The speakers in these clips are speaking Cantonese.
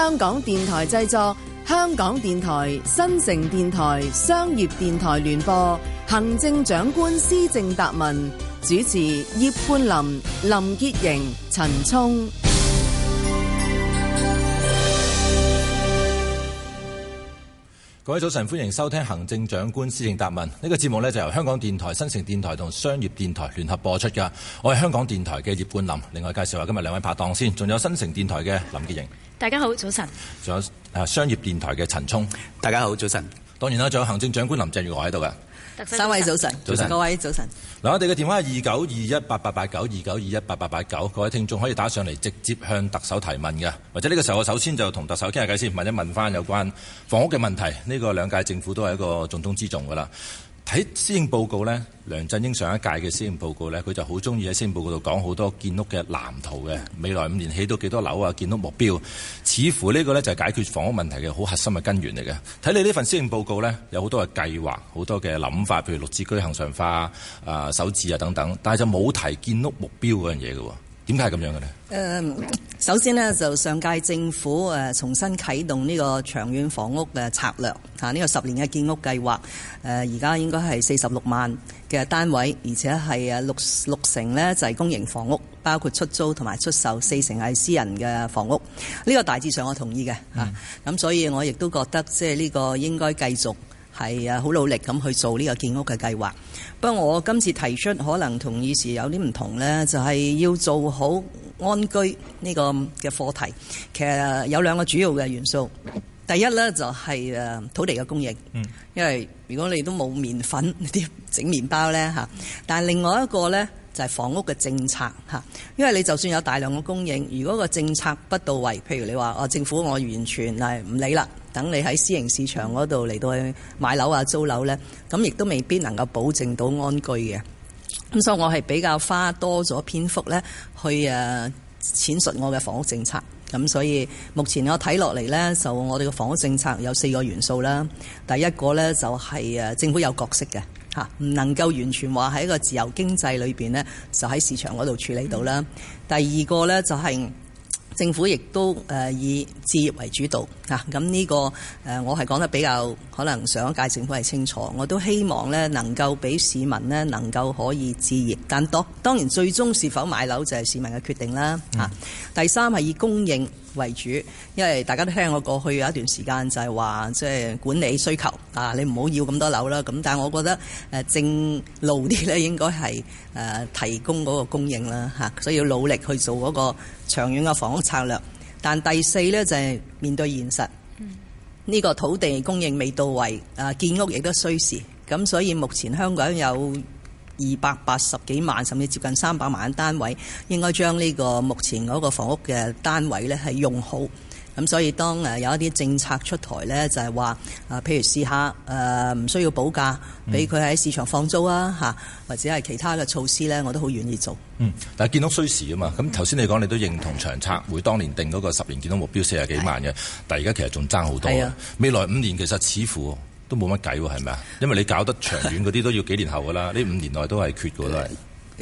香港電台製作，香港電台、新城電台、商業電台聯播。行政長官施政答問，主持：葉潘林、林潔瑩、陳聰。各位早晨，歡迎收聽行政長官施政答問。呢、這個節目呢，就由香港電台、新城電台同商業電台聯合播出㗎。我係香港電台嘅葉冠霖。另外介紹下今日兩位拍檔先，仲有新城電台嘅林潔瑩。大家好，早晨。仲有誒商業電台嘅陳聰。大家好，早晨。當然啦，仲有行政長官林鄭月娥喺度㗎。三位早晨，各位早晨。嗱，我哋嘅電話係二九二一八八八九，二九二一八八八九。各位聽眾可以打上嚟，直接向特首提問嘅。或者呢個時候，我首先就同特首傾下偈先，或者問翻有關房屋嘅問題。呢個兩屆政府都係一個重中之重㗎啦。睇施政報告呢，梁振英上一屆嘅施政報告呢，佢就好中意喺施政報告度講好多建屋嘅藍圖嘅，未來五年起到幾多樓啊，建屋目標，似乎呢個呢就係解決房屋問題嘅好核心嘅根源嚟嘅。睇你呢份施政報告呢，有好多嘅計劃，好多嘅諗法，譬如綠置居、恆常化啊、首置啊等等，但係就冇提建屋目標嗰樣嘢嘅。點解咁樣嘅呢？首先呢，就上屆政府誒重新啟動呢個長遠房屋嘅策略嚇，呢、這個十年嘅建屋計劃誒，而家應該係四十六萬嘅單位，而且係六六成呢就係公營房屋，包括出租同埋出售，四成係私人嘅房屋。呢、這個大致上我同意嘅嚇，咁、嗯、所以我亦都覺得即係呢個應該繼續。係啊，好努力咁去做呢個建屋嘅計劃。不過我今次提出可能同以前有啲唔同咧，就係、是、要做好安居呢個嘅課題。其實有兩個主要嘅元素，第一咧就係誒土地嘅供應，嗯、因為如果你都冇麵粉，你點整麵包咧嚇？但係另外一個咧。就係房屋嘅政策吓，因為你就算有大量嘅供應，如果個政策不到位，譬如你話哦、啊、政府我完全係唔理啦，等你喺私營市場嗰度嚟到去買樓啊租樓呢，咁亦都未必能夠保證到安居嘅。咁所以我係比較花多咗篇幅呢去誒淺述我嘅房屋政策。咁所以目前我睇落嚟呢，就我哋嘅房屋政策有四個元素啦。第一個呢，就係政府有角色嘅。嚇唔、啊、能夠完全話喺一個自由經濟裏面呢，呢就喺市場嗰度處理到啦。嗯、第二個呢，就係、係。政府亦都以置業為主導嚇，咁、這、呢個我係講得比較可能上一屆政府係清楚，我都希望呢能夠俾市民呢能夠可以置業，但多當然最終是否買樓就係市民嘅決定啦、嗯、第三係以供應為主，因為大家都聽我過，過去有一段時間就係話即係管理需求啊，你唔好要咁多樓啦。咁但係我覺得正路啲呢應該係提供嗰個供應啦嚇，所以要努力去做嗰、那個。長遠嘅房屋策略，但第四呢就係面對現實，呢個土地供應未到位，啊建屋亦都需時，咁所以目前香港有二百八十幾萬，甚至接近三百萬嘅單位，應該將呢個目前嗰個房屋嘅單位呢係用好。咁所以當有一啲政策出台咧，就係話誒，譬如試下誒唔需要補價，俾佢喺市場放租啊、嗯、或者係其他嘅措施咧，我都好願意做。嗯，但係建屋需時啊嘛。咁頭先你講你都認同長策會當年定嗰個十年建屋目標四十幾萬嘅，的但係而家其實仲爭好多。的未來五年其實似乎都冇乜計喎，係咪啊？因為你搞得長遠嗰啲都要幾年後㗎啦，呢 五年內都係缺㗎啦。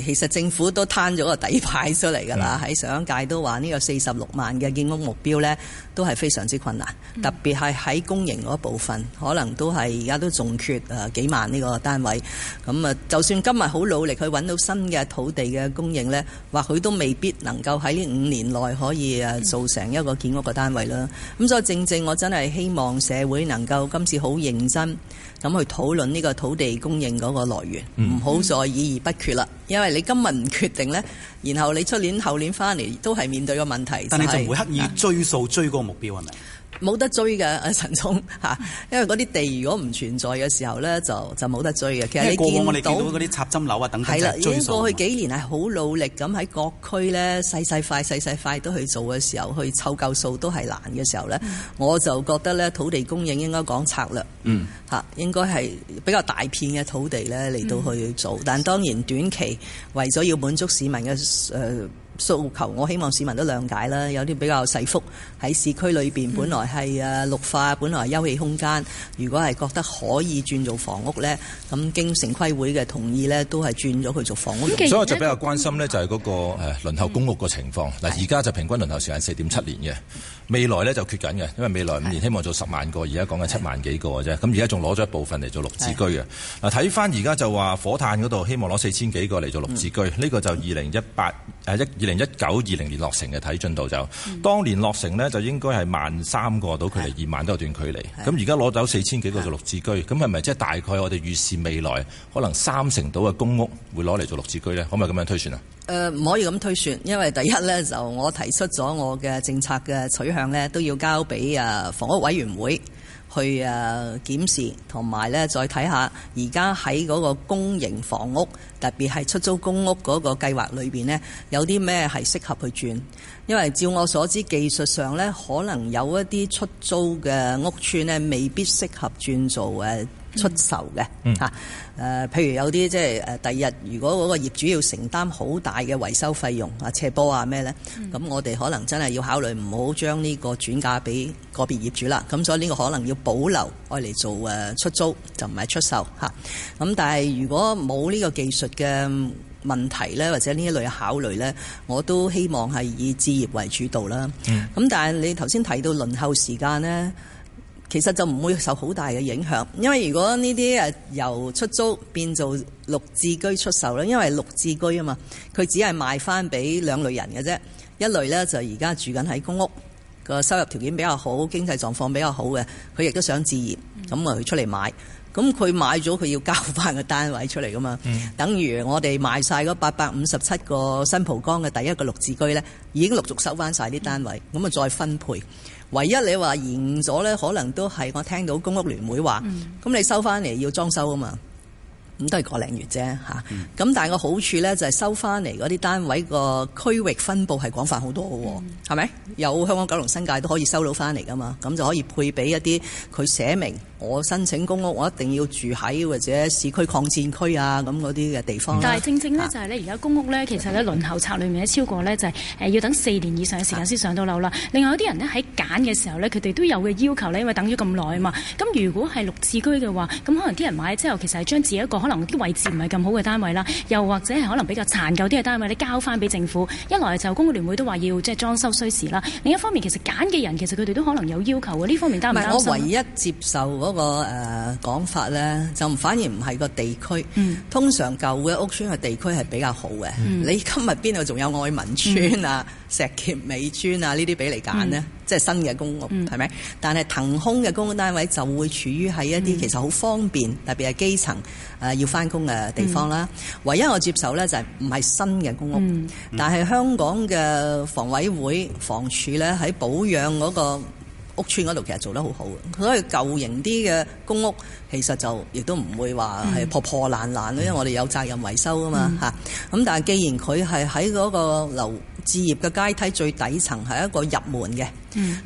其實政府都攤咗個底牌出嚟㗎啦，喺、嗯、上一屆都話呢、呢個四十六萬嘅建屋目標呢，都係非常之困難，嗯、特別係喺公營嗰部分，可能都係而家都仲缺誒幾萬呢個單位。咁啊，就算今日好努力去揾到新嘅土地嘅供應呢，或許都未必能夠喺五年內可以誒做成一個建屋嘅單位啦。咁、嗯、所以正正我真係希望社會能夠今次好認真。咁去討論呢個土地供應嗰個來源，唔好再以而不決啦。因為你今日唔決定呢，然後你出年、後年翻嚟都係面對個問題。就係、但你就唔會刻意追數、啊、追嗰個目標係咪？是冇得追嘅，阿陳總嚇，因為嗰啲地如果唔存在嘅時候咧，就就冇得追嘅。其實你見我哋見到嗰啲插針樓啊，等等係啦。已經過去幾年係好努力咁喺各區咧細細塊細細塊都去做嘅時候，去湊夠數都係難嘅時候咧，我就覺得咧土地供應應該講策略，嗯嚇，應該係比較大片嘅土地咧嚟到去做。嗯、但當然短期為咗要滿足市民嘅訴求，我希望市民都諒解啦，有啲比較細幅喺市區裏邊，本來係啊綠化，本來休憩空間，如果係覺得可以轉做房屋咧，咁經城規會嘅同意咧，都係轉咗去做房屋用。咁、嗯、所以我就比較關心咧、那個，就係嗰個誒輪候公屋個情況。嗱，而家就平均輪候時間四點七年嘅。嗯未來呢就缺緊嘅，因為未來五年希望做十萬個，而家講緊七萬幾個嘅啫。咁而家仲攞咗一部分嚟做綠置居嘅。嗱，睇返而家就話火炭嗰度希望攞四千幾個嚟做綠置居，呢個就二零一八誒一二零一九二零年落成嘅，睇進度就當年落成呢，就應該係萬三個到，距離二萬都有段距離。咁而家攞走四千幾個做綠置居，咁係咪即係大概我哋預視未來可能三成到嘅公屋會攞嚟做綠置居呢？可唔可以咁樣推算啊？誒，唔可以咁推算，因為第一呢，就我提出咗我嘅政策嘅取都要交俾啊房屋委員會去啊檢視，同埋呢，再睇下而家喺嗰個公營房屋，特別係出租公屋嗰個計劃裏邊呢，有啲咩係適合去轉？因為照我所知，技術上呢，可能有一啲出租嘅屋邨呢，未必適合轉做出售嘅吓誒，譬如有啲即係第二日如果嗰個業主要承擔好大嘅維修費用啊，斜坡啊咩咧，咁、嗯、我哋可能真係要考慮唔好將呢個轉嫁俾個別業主啦。咁所以呢個可能要保留愛嚟做誒出租，就唔係出售嚇。咁、啊、但係如果冇呢個技術嘅問題咧，或者呢一類考慮咧，我都希望係以置業為主導啦。咁、嗯、但係你頭先提到輪候時間咧？其實就唔會受好大嘅影響，因為如果呢啲由出租變做綠置居出售，因為綠置居啊嘛，佢只係賣翻俾兩類人嘅啫。一類呢，就而家住緊喺公屋，個收入條件比較好，經濟狀況比較好嘅，佢亦都想置業，咁啊佢出嚟買。咁佢買咗，佢要交翻個單位出嚟噶嘛。嗯、等於我哋賣晒嗰八百五十七個新蒲崗嘅第一個綠置居呢，已經陸續收翻晒啲單位，咁啊、嗯、再分配。唯一你話贏咗咧，可能都係我聽到公屋聯會話，咁、嗯、你收翻嚟要裝修啊嘛，咁都係個零月啫嚇。咁、嗯、但係個好處咧，就係收翻嚟嗰啲單位個區域分布係廣泛好多喎，係咪、嗯？有香港九龍新界都可以收到翻嚟噶嘛，咁就可以配俾一啲佢寫明。我申請公屋，我一定要住喺或者市區擴展區啊咁嗰啲嘅地方。但係正正呢就係呢而家公屋呢，其實呢輪候冊裏面咧超過呢，就係誒要等四年以上嘅時間先上到樓啦。另外有啲人呢喺揀嘅時候呢，佢哋都有嘅要求呢，因為等咗咁耐啊嘛。咁如果係綠置居嘅話，咁可能啲人買之後其實係將自己一個可能啲位置唔係咁好嘅單位啦，又或者係可能比較殘舊啲嘅單位呢交翻俾政府。一來就公屋聯會都話要即係裝修需時啦。另一方面，其實揀嘅人其實佢哋都可能有要求啊。呢方面擔唔擔心？唔係我唯一接受。嗰個誒講法咧，就反而唔係個地區。嗯、通常舊嘅屋村嘅地區係比較好嘅。嗯、你今日邊度仲有愛民村啊、嗯、石碣尾村啊呢啲俾你揀呢？即係、嗯、新嘅公屋係咪、嗯？但係騰空嘅公屋單位就會處於喺一啲其實好方便，嗯、特別係基層誒要翻工嘅地方啦。嗯、唯一我接受咧就係唔係新嘅公屋，嗯、但係香港嘅房委會、房署咧喺保養嗰、那個。屋邨嗰度其實做得好好嘅，所以舊型啲嘅公屋其實就亦都唔會話係破破爛爛，因為我哋有責任維修啊嘛，咁、嗯、但係既然佢係喺嗰個樓置業嘅階梯最底層，係一個入門嘅。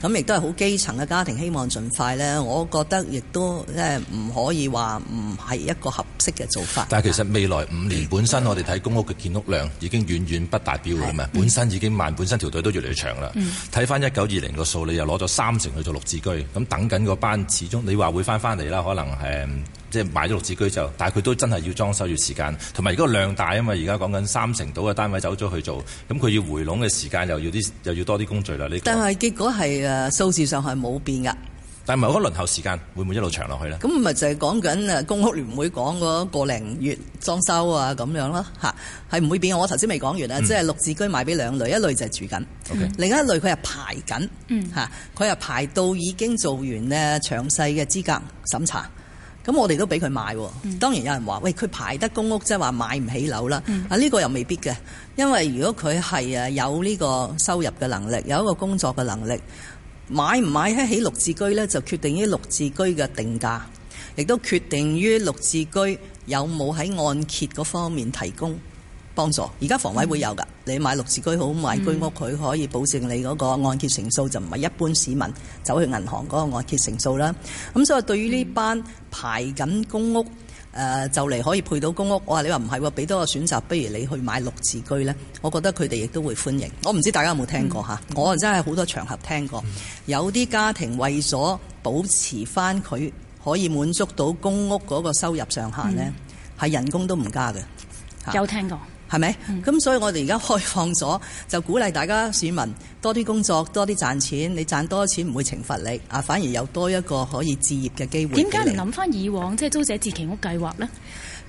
咁、嗯、亦都係好基層嘅家庭，希望盡快咧。我覺得亦都咧唔可以話唔係一個合適嘅做法。但係其實未來五年本身，我哋睇公屋嘅建屋量已經遠遠不達標㗎嘛。嗯、本身已經慢，本身條隊都越嚟越長啦。睇翻一九二零個數，你又攞咗三成去做綠置居，咁等緊個班始終，始終你話會翻翻嚟啦，可能誒。即係買咗綠置居就，但係佢都真係要裝修要時間，同埋如果量大啊嘛。而家講緊三成到嘅單位走咗去做，咁佢要回籠嘅時間又要啲，又要多啲工序啦。呢、呢個、但係結果係誒數字上係冇變噶，但係唔係嗰輪候時間會唔會一路長落去咧？咁咪就係講緊誒公屋聯會講嗰個零月裝修啊，咁樣咯吓，係唔會變。我頭先未講完啊，嗯、即係綠置居買俾兩類，一類就係住緊，嗯、另一類佢係排緊，嗯，佢係排到已經做完呢詳細嘅資格審查。咁我哋都俾佢買、哦，當然有人話：喂，佢排得公屋即係話買唔起樓啦。啊、嗯，呢個又未必嘅，因為如果佢係有呢個收入嘅能力，有一個工作嘅能力，買唔買得起綠置居呢，就決定於綠置居嘅定價，亦都決定於綠置居有冇喺按揭嗰方面提供。幫助，而家房委會有㗎，嗯、你買綠置居好買居屋，佢可以保證你嗰個按揭成數、嗯、就唔係一般市民走去銀行嗰個按揭成數啦。咁所以對於呢班排緊公屋，誒、嗯呃、就嚟可以配到公屋，我話你話唔係喎，俾多個選擇，不如你去買綠置居呢，我覺得佢哋亦都會歡迎。我唔知大家有冇聽過、嗯、我真係好多場合聽過，嗯、有啲家庭為咗保持返佢可以滿足到公屋嗰個收入上限呢，係、嗯、人工都唔加嘅。嗯、是有聽過。係咪？咁、嗯嗯、所以我哋而家開放咗，就鼓勵大家市民多啲工作，多啲賺錢。你賺多錢唔會懲罰你，啊，反而有多一個可以置業嘅機會。點解唔諗翻以往即係、就是、租者置其屋計劃呢？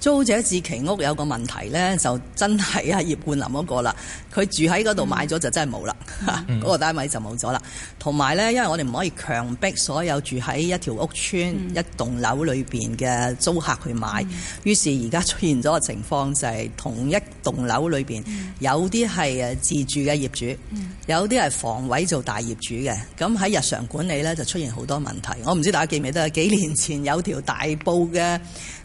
租者置其屋有個問題呢，就真係啊葉冠林嗰個啦，佢住喺嗰度買咗就真係冇啦，嗰、mm hmm. 個單位就冇咗啦。同埋呢，因為我哋唔可以強迫所有住喺一條屋邨、mm hmm. 一棟樓裏面嘅租客去買，mm hmm. 於是而家出現咗個情況就係同一棟樓裏面，mm hmm. 有啲係自住嘅業主，mm hmm. 有啲係房委做大業主嘅，咁喺日常管理呢，就出現好多問題。我唔知大家記唔記得，幾年前有條大埔嘅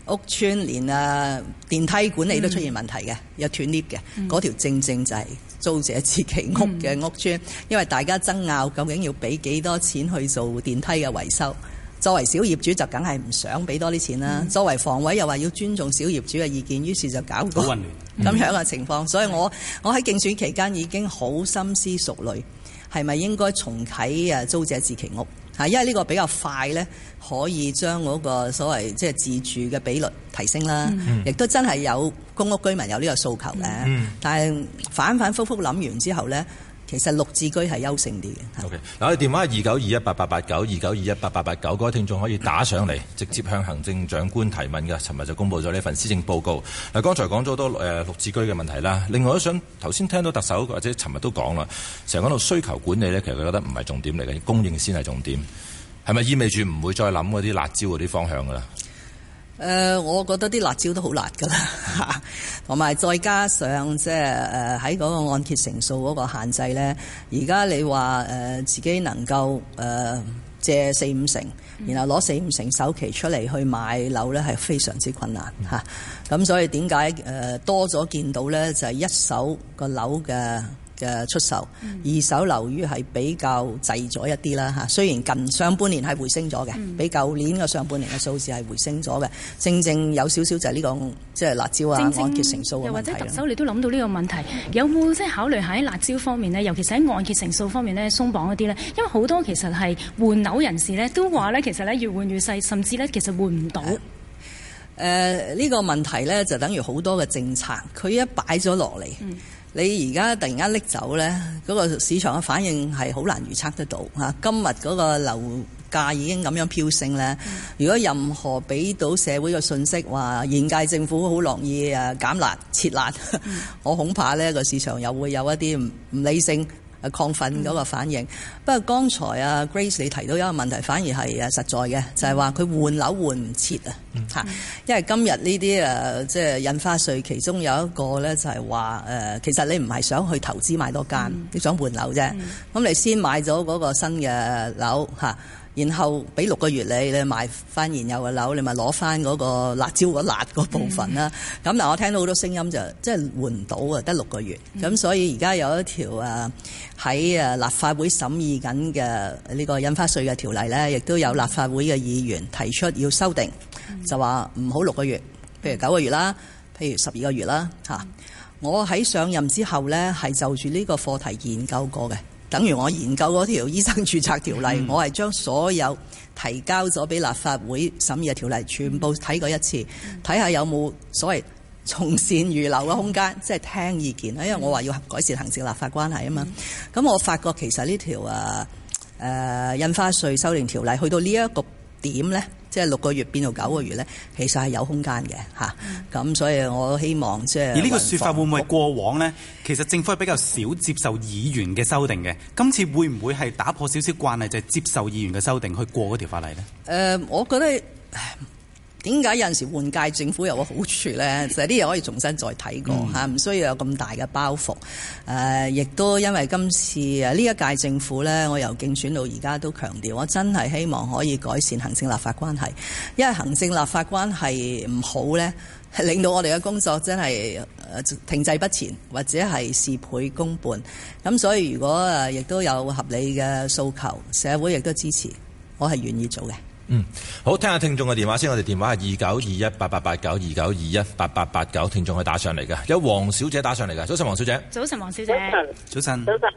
屋邨連啊電梯管理都出現問題嘅，嗯、有斷裂嘅，嗰條、嗯、正正就係租者置其屋嘅屋邨，嗯、因為大家爭拗究竟要俾幾多錢去做電梯嘅維修，作為小業主就梗係唔想俾多啲錢啦，嗯、作為房委又話要尊重小業主嘅意見，於是就搞個咁樣嘅情況，嗯、所以我我喺競選期間已經好深思熟慮，係咪應該重啟啊租者置其屋？嚇，因為呢個比較快咧，可以將嗰個所謂即係自住嘅比率提升啦，亦都、嗯、真係有公屋居民有呢個訴求嘅。嗯、但係反反复覆諗完之後咧。其實綠置居係優勝啲嘅。O K，嗱，okay。我哋電話係二九二一八八八九，二九二一八八八九，各位聽眾可以打上嚟，直接向行政長官提問嘅。尋日就公布咗呢份施政報告。嗱、呃，剛才講咗好多誒綠置居嘅問題啦。另外，都想頭先聽到特首或者尋日都講啦，成日講到需求管理呢，其實佢覺得唔係重點嚟嘅，供應先係重點。係咪意味住唔會再諗嗰啲辣招嗰啲方向㗎啦？誒、呃，我覺得啲辣椒都好辣㗎啦，同埋再加上即係誒喺嗰個按揭成數嗰個限制咧，而家你話誒、呃、自己能夠誒、呃、借四五成，然後攞四五成首期出嚟去買樓咧，係非常之困難吓，咁、嗯啊、所以點解誒多咗見到咧，就係、是、一手個樓嘅嘅出售，二手樓宇係比較滯咗一啲啦嚇。雖然近上半年係回升咗嘅，嗯、比舊年嘅上半年嘅數字係回升咗嘅。正正有少少就係呢、呢個即係、即係、辣椒啊正正按揭成數啊，或者特首你都諗到呢個問題，有冇即係考慮喺辣椒方面呢？尤其是喺按揭成數方面呢？鬆綁一啲呢？因為好多其實係換樓人士呢都話呢，其實呢越換越細，甚至呢其實換唔到。誒呢、啊呃呢個問題呢就等於好多嘅政策，佢一擺咗落嚟。嗯你而家突然間拎走呢嗰、嗰個市場嘅反應係好難預測得到。今日嗰個樓價已經咁樣飆升呢，嗯、如果任何俾到社會嘅信息話，現屆政府好樂意誒減辣切辣，嗯、我恐怕呢個市場又會有一啲唔理性。誒亢奮嗰個反應，嗯、不過剛才啊 Grace 你提到一個問題，反而係誒實在嘅，就係話佢換樓換唔切啊！因為今日呢啲誒即係印花稅，其中有一個咧就係話誒，其實你唔係想去投資買多間，嗯、你想換樓啫。咁、嗯、你先買咗嗰個新嘅樓然後俾六個月你，你賣翻現有嘅樓，你咪攞翻嗰個辣椒個辣個部分啦。咁嗱、嗯，但我聽到好多聲音就即係換唔到啊，得六個月。咁、嗯、所以而家有一條誒喺誒立法會審議緊嘅呢個印花稅嘅條例咧，亦都有立法會嘅議員提出要修訂，嗯、就話唔好六個月，譬如九個月啦，譬如十二個月啦、嗯、我喺上任之後咧，係就住呢個課題研究過嘅。等於我研究嗰條醫生註冊條例，嗯、我係將所有提交咗俾立法會審議嘅條例，全部睇過一次，睇下、嗯、有冇所謂從善如流嘅空間，嗯、即係聽意見。因為我話要改善行政立法關係啊嘛。咁、嗯、我發覺其實呢條啊誒、啊、印花稅修訂條例去到呢一個點呢。即係六個月變到九個月咧，其實係有空間嘅嚇。咁、嗯啊、所以我希望即係而呢個說法會唔會過往咧？我其實政府係比較少接受議員嘅修訂嘅。今次會唔會係打破少少慣例，就係接受議員嘅修訂去過嗰條法例咧？誒、呃，我覺得。唉點解，有陣時換屆政府有個好處呢，就係啲嘢可以重新再睇過嚇，唔、嗯、需要有咁大嘅包袱。誒、呃，亦都因為今次誒呢一屆政府呢，我由競選到而家都強調，我真係希望可以改善行政立法關係。因為行政立法關係唔好呢，令到我哋嘅工作真係、呃、停滯不前，或者係事倍功半。咁、呃、所以如果亦、呃、都有合理嘅訴求，社會亦都支持，我係願意做嘅。嗯，好，聽下聽眾嘅電話先。我哋電話係二九二一八八八九，二九二一八八八九。聽眾係打上嚟嘅，有黃小姐打上嚟嘅。早晨，黃小姐。早晨，黃小姐。早晨。早晨。早晨。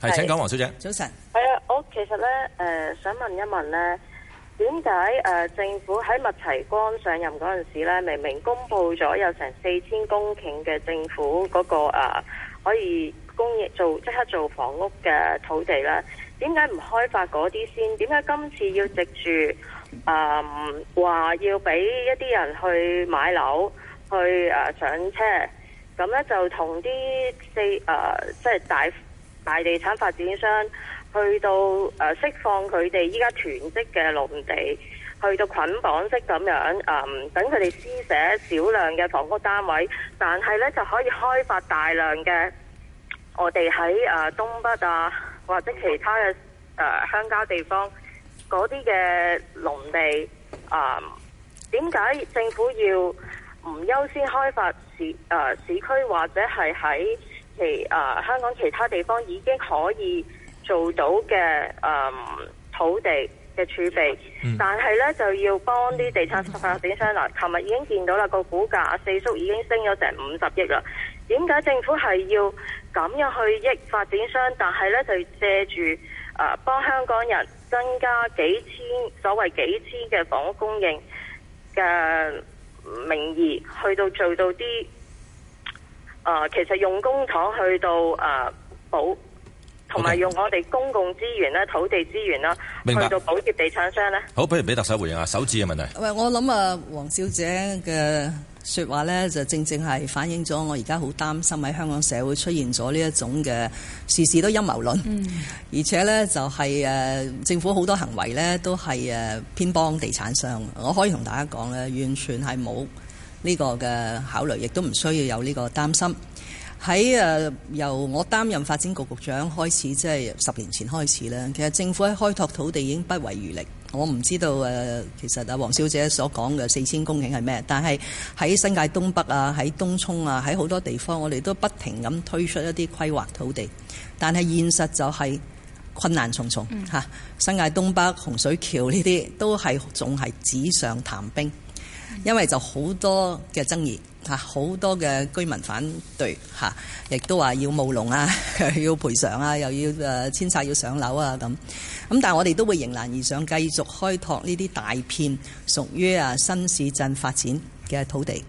係，請講，黃小姐。早晨。係啊，我其實咧，誒、呃，想問一問咧，點解誒，政府喺麥齊光上任嗰陣時咧，明明公布咗有成四千公頃嘅政府嗰、那個誒、呃，可以工業做即刻做房屋嘅土地咧？點解唔開發嗰啲先？點解今次要藉住？誒、嗯，話要俾一啲人去買樓，去誒、呃、上車。咁呢，就同啲四誒，即係大大地產發展商去到誒、呃、釋放佢哋依家囤積嘅農地，去到捆綁式咁樣誒、嗯，等佢哋施捨少量嘅房屋單位，但係呢，就可以開發大量嘅我哋喺誒東北啊。或者其他嘅誒、呃、鄉郊地方嗰啲嘅農地啊，點、呃、解政府要唔優先開發市、呃、市區，或者係喺其、呃、香港其他地方已經可以做到嘅、呃、土地嘅儲備？嗯、但係呢，就要幫啲地產發展商啦。琴日已經見到啦，個股價四叔已經升咗成五十億啦。點解政府係要咁樣去益發展商，但係呢就借住誒幫香港人增加幾千所謂幾千嘅房屋供應嘅名義，去到做到啲誒、呃。其實用工廠去到誒保。呃同埋用我哋公共資源啦、土地資源啦，白去到補貼地產商呢。好，不如俾特首回應下首置嘅問題。喂，我諗啊，黃小姐嘅說話咧，就正正係反映咗我而家好擔心喺香港社會出現咗呢一種嘅事事都陰謀論。嗯、而且咧就係誒政府好多行為咧都係誒偏幫地產商。我可以同大家講咧，完全係冇呢個嘅考慮，亦都唔需要有呢個擔心。喺誒由我擔任發展局局長開始，即係十年前開始呢。其實政府喺開拓土地已經不遺餘力。我唔知道誒，其實啊黃小姐所講嘅四千公頃係咩？但係喺新界東北啊，喺東涌啊，喺好多地方，我哋都不停咁推出一啲規劃土地。但係現實就係困難重重吓。嗯。啊，新界東北洪水橋呢啲都係仲係紙上談兵，因為就好多嘅爭議。好多嘅居民反對，亦都話要務農啊，要賠償啊，又要誒遷拆要上樓啊咁。咁但係我哋都會迎難而上，繼續開拓呢啲大片屬於啊新市鎮發展嘅土地。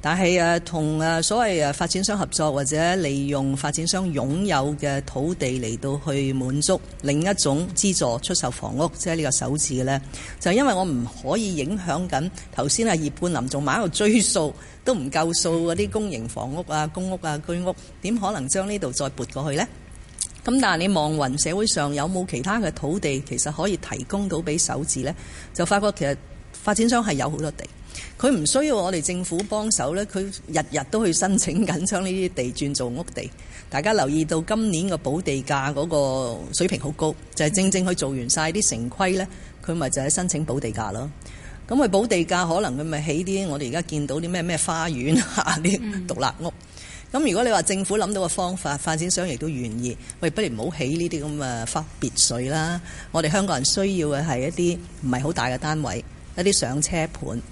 但係誒同誒所謂誒發展商合作或者利用發展商擁有嘅土地嚟到去滿足另一種資助出售房屋，即係呢個首置嘅呢，就係、因為我唔可以影響緊頭先阿葉冠林仲喺度追數都唔夠數嗰啲公營房屋啊、公屋啊、居屋，點可能將呢度再撥過去呢？咁但係你望雲社會上有冇其他嘅土地其實可以提供到俾首置呢？就發覺其實發展商係有好多地。佢唔需要我哋政府幫手呢，佢日日都去申請緊將呢啲地轉做屋地。大家留意到今年個補地價嗰個水平好高，嗯、就係正正去做完晒啲城規呢，佢咪就係申請補地價咯。咁佢補地價可能，佢咪起啲我哋而家見到啲咩咩花園啊、啲獨立屋。咁、嗯、如果你話政府諗到個方法，發展商亦都願意，喂，不如唔好起呢啲咁嘅花別墅啦。我哋香港人需要嘅係一啲唔係好大嘅單位，一啲上車盤。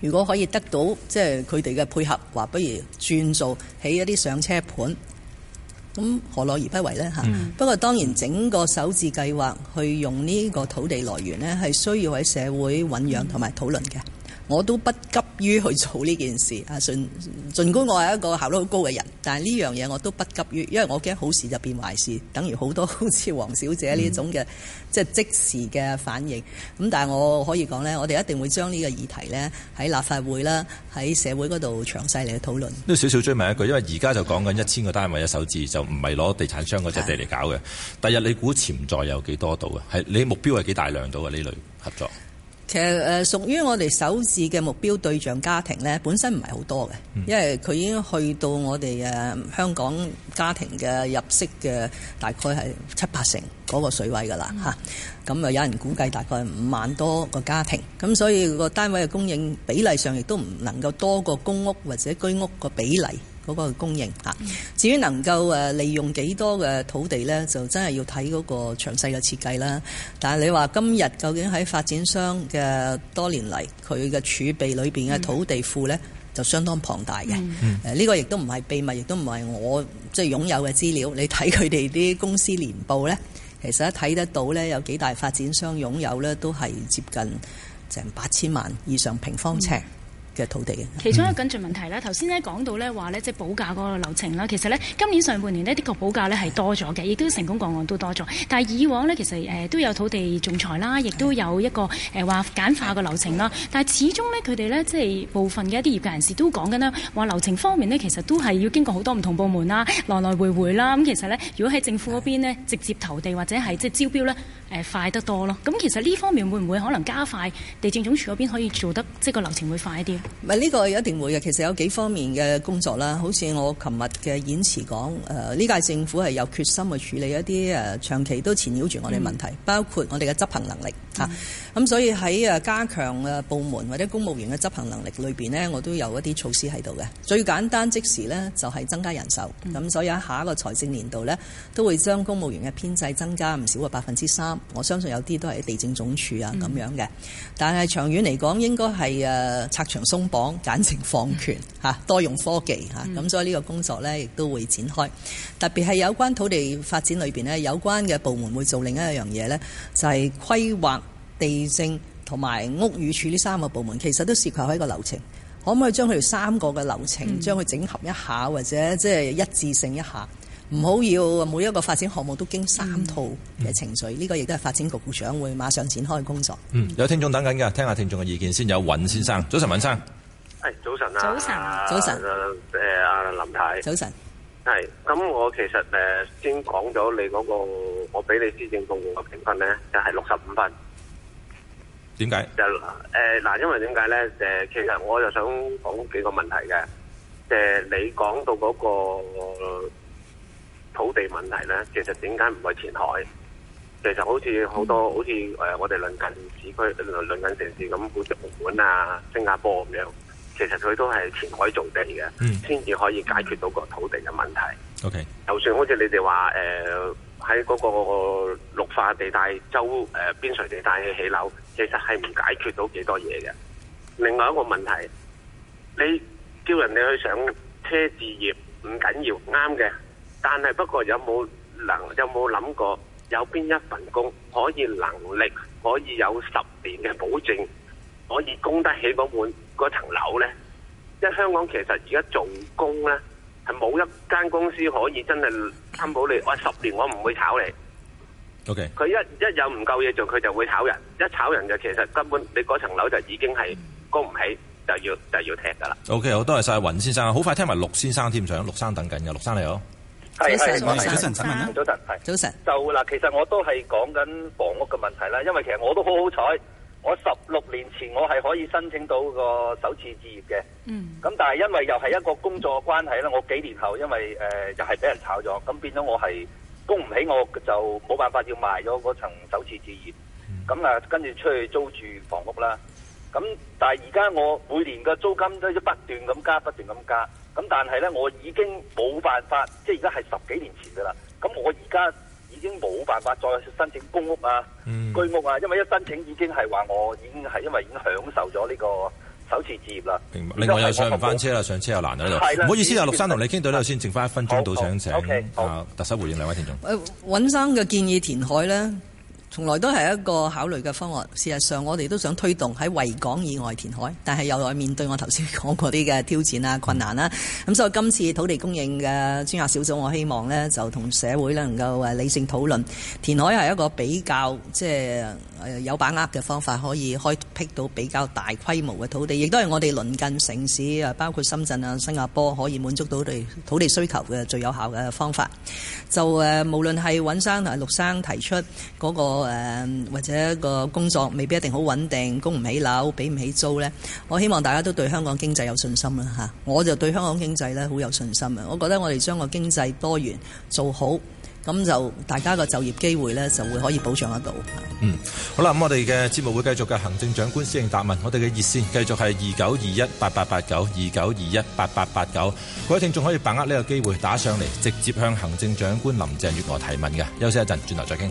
如果可以得到即係佢哋嘅配合，話不如轉做起一啲上車盤，咁何樂而不為咧吓，嗯、不過當然整個首置計劃去用呢個土地來源咧，係需要喺社會醞釀同埋討論嘅。我都不急於去做呢件事，啊，儘儘管我係一個效率好高嘅人，但係呢樣嘢我都不急於，因為我驚好事就變壞事，等於好多好似黃小姐呢種嘅即係即時嘅反應。咁、嗯、但係我可以講呢，我哋一定會將呢個議題呢喺立法會啦，喺社會嗰度詳細嚟討論。都少少追問一句，因為而家就講緊一千個單位一手字，就唔係攞地產商嗰隻地嚟搞嘅。第日的你估潛在有幾多度啊？係你目標係幾大量度啊？呢類合作。其實誒屬於我哋首次嘅目標對象家庭呢，本身唔係好多嘅，因為佢已經去到我哋誒香港家庭嘅入息嘅大概係七八成嗰個水位噶啦嚇。咁啊，有人估計大概五萬多個家庭，咁所以個單位嘅供應比例上亦都唔能夠多過公屋或者居屋個比例，嗰個供應，至於能夠誒利用幾多嘅土地呢，就真係要睇嗰個詳細嘅設計啦。但係你話今日究竟喺發展商嘅多年嚟，佢嘅儲備裏面嘅土地庫呢，嗯、就相當龐大嘅。呢、嗯、個亦都唔係秘密，亦都唔係我即係擁有嘅資料。你睇佢哋啲公司年報呢，其實一睇得到呢，有幾大發展商擁有呢，都係接近成八千萬以上平方尺。嗯其中一個跟進問題咧，頭先咧講到咧話咧，即係補價嗰個流程啦。其實咧，今年上半年呢，的確補價咧係多咗嘅，亦都成功個案都多咗。但係以往呢，其實誒都有土地仲裁啦，亦都有一個誒話簡化個流程啦。但係始終呢，佢哋呢，即係部分嘅一啲業界人士都講緊啦話流程方面呢，其實都係要經過好多唔同部門啦，來來回回啦。咁其實呢，如果喺政府嗰邊咧，直接投地或者係即係招標呢，誒快得多咯。咁其實呢方面會唔會可能加快地政總署嗰邊可以做得即係個流程會快啲？唔係呢個一定會嘅，其實有幾方面嘅工作啦。好似我琴日嘅演辭講，誒呢屆政府係有決心去處理一啲誒、呃、長期都纏繞住我哋問題，嗯、包括我哋嘅執行能力嚇。咁、嗯啊、所以喺誒加強嘅部門或者公務員嘅執行能力裏面呢，我都有一啲措施喺度嘅。最簡單即時呢，就係、是、增加人手，咁、嗯、所以喺下一個財政年度呢，都會將公務員嘅編制增加唔少嘅百分之三。我相信有啲都係地政總署啊咁樣嘅。嗯、但係長遠嚟講，應該係拆牆鬆鬆綁、簡程、放權，吓多用科技，吓咁，所以呢個工作呢亦都會展開。嗯、特別係有關土地發展裏邊呢，有關嘅部門會做另一樣嘢呢，就係、是、規劃、地政同埋屋宇署呢三個部門，其實都涉及喺一個流程。可唔可以將佢哋三個嘅流程，將佢整合一下，或者即係一致性一下？唔好要，要每一個發展項目都經三套嘅程序，呢、嗯、個亦都係發展局長會馬上展開工作。嗯，有聽眾等緊㗎，聽下聽，聽眾嘅意見先。有尹先生，早晨，尹生。係早晨啊！早晨安，早晨、啊。誒啊，林太。早晨安。係。咁我其實先講咗你嗰個，我俾你施政部門嘅評分咧，就係六十五分。點解？就誒嗱、呃，因為點解咧？誒，其實我就想講幾個問題嘅。誒，你講到嗰、那個。土地問題呢，其實點解唔去填海？其實好似、嗯、好多好似我哋鄰近市區、鄰近城市咁，好似澳門啊、新加坡咁樣，其實佢都係填海造地嘅，先至、嗯、可以解決到個土地嘅問題。O okay . K.，就算好似你哋話喺嗰個綠化地帶周、周、呃、邊陲地帶去起樓，其實係唔解決到幾多嘢嘅。另外一個問題，你叫人哋去上車置業唔緊要，啱嘅。但係不過有冇能有冇諗過有邊一份工可以能力可以有十年嘅保證可以供得起嗰本嗰層樓呢？即香港其實而家做工呢，係冇一間公司可以真係擔保你我、啊、十年我唔會炒你。O K 佢一一有唔夠嘢做，佢就會炒人，一炒人就其實根本你嗰層樓就已經係供唔起，就要就要踢噶啦。O K，好多謝晒雲先生，好快聽埋陸先生添上，陸生等緊嘅，陸生你好。係係是早晨上，請問啦，早晨係早晨就嗱，其實我都係講緊房屋嘅問題啦，因為其實我都好好彩，我十六年前我係可以申請到個首次置業嘅，嗯，咁但係因為又係一個工作關係咧，我幾年後因為誒、呃、又係俾人炒咗，咁變咗我係供唔起，我就冇辦法要賣咗嗰層首次置業，咁啊、嗯、跟住出去租住房屋啦，咁但係而家我每年嘅租金都不斷咁加，不斷咁加。咁但係咧，我已經冇辦法，即係而家係十幾年前㗎啦。咁我而家已經冇辦法再申請公屋啊、嗯、居屋啊，因為一申請已經係話我已經係因為已經享受咗呢個首次置業啦。另外又上唔翻車啦，的上車又難喺度。唔的好意思啊，陸的生同你傾到呢度先，剩翻一分鐘到，想請特首回應兩位聽眾。尹生嘅建議填海咧，從來都係一個考慮嘅方案。事實上，我哋都想推動喺維港以外填海，但係又來面對我頭先講嗰啲嘅挑戰啊、困難啦。咁所以今次土地供應嘅專責小組，我希望咧就同社會咧能夠誒理性討論。填海係一個比較即係、就是、有把握嘅方法，可以開闢到比較大規模嘅土地，亦都係我哋鄰近城市啊，包括深圳啊、新加坡，可以滿足到對土地需求嘅最有效嘅方法。就誒無論係尹生同埋陸生提出、嗰個。誒，或者個工作未必一定好穩定，供唔起樓，俾唔起租呢。我希望大家都對香港經濟有信心啦吓。我就對香港經濟呢，好有信心啊。我覺得我哋將個經濟多元做好，咁就大家個就業機會呢，就會可以保障得到。嗯，好啦，咁我哋嘅節目會繼續嘅行政長官施政答問，我哋嘅熱線繼續係二九二一八八八九，二九二一八八八九。各位聽眾可以把握呢個機會打上嚟，直接向行政長官林鄭月娥提問嘅。休息一陣，轉頭再傾。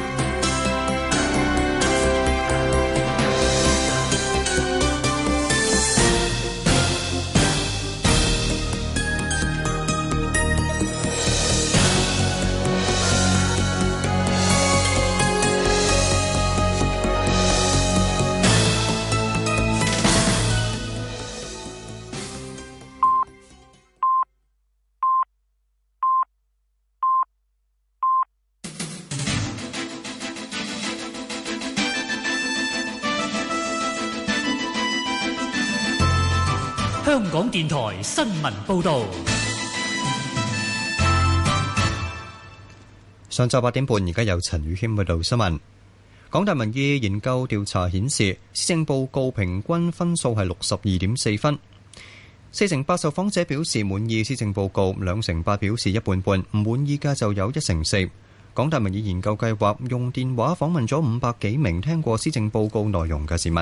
香港電台新聞報道：上晝八點半，而家有陳宇謙報道新聞。港大民意研究調查顯示，施政報告平均分數係六十二點四分，四成八受訪者表示滿意施政報告，兩成八表示一半半，唔滿意嘅就有一成四。港大民意研究計劃用電話訪問咗五百幾名聽過施政報告內容嘅市民。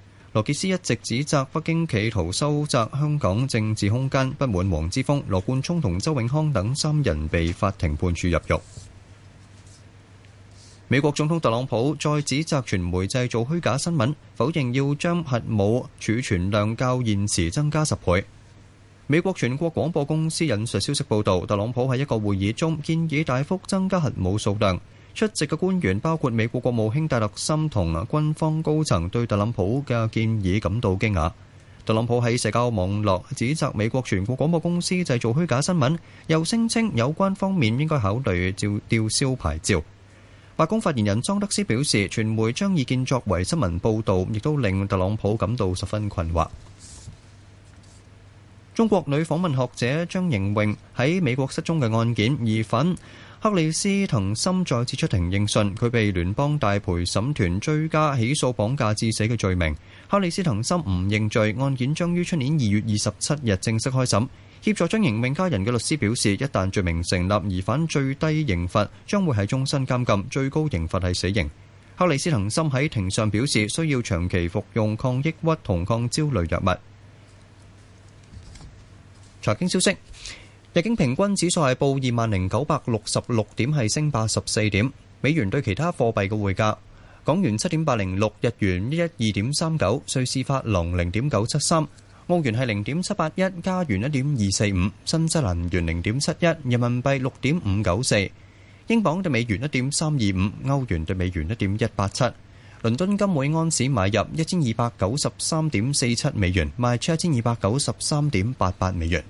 羅傑斯一直指責北京企圖收窄香港政治空間，不滿黃之鋒、羅冠聰同周永康等三人被法庭判處入獄。美國總統特朗普再指責傳媒製造虛假新聞，否認要將核武儲存量較現時增加十倍。美國全國廣播公司引述消息報道，特朗普喺一個會議中建議大幅增加核武數量。出席嘅官員包括美國國務卿戴特森同軍方高層對特朗普嘅建議感到驚訝。特朗普喺社交網絡指責美國全國廣播公司製造虛假新聞，又聲稱有關方面應該考慮照吊銷牌照。白宮發言人莊德斯表示，傳媒將意見作為新聞報導，亦都令特朗普感到十分困惑。中國女訪問學者張瑩穎喺美國失蹤嘅案件疑犯。克里斯滕森再次出庭應訊，佢被聯邦大陪審團追加起訴綁架致死嘅罪名。克里斯滕森唔認罪，案件將於出年二月二十七日正式開審。協助章瑩穎家人嘅律師表示，一旦罪名成立，疑犯最低刑罰將會係終身監禁，最高刑罰係死刑。克里斯滕森喺庭上表示，需要長期服用抗抑鬱同抗焦慮藥物。財經消息。日經平均指數係報二萬零九百六十六點，係升八十四點。美元對其他貨幣嘅匯價：港元七點八零六，日元一一二點三九，瑞士法郎零點九七三，澳元係零點七八一，加元一點二四五，新西蘭元零點七一，人民幣六點五九四，英鎊兌美元一點三二五，歐元兌美元一點一八七。倫敦金每盎司買入一千二百九十三點四七美元，賣出一千二百九十三點八八美元。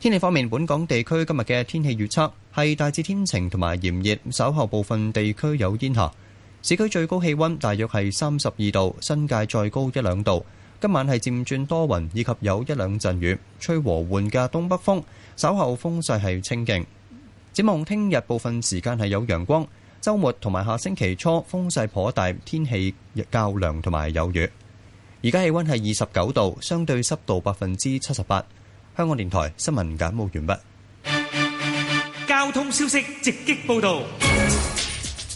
天氣方面，本港地區今日嘅天氣預測係大致天晴同埋炎熱，稍後部分地區有煙霞。市區最高氣溫大約係三十二度，新界再高一兩度。今晚係漸轉多雲，以及有一兩陣雨，吹和緩嘅東北風，稍後風勢係清勁。展望聽日部分時間係有陽光，週末同埋下星期初風勢頗大，天氣較涼同埋有雨。而家氣溫係二十九度，相對濕度百分之七十八。香港電台新聞簡報完畢。交通消息直擊報道。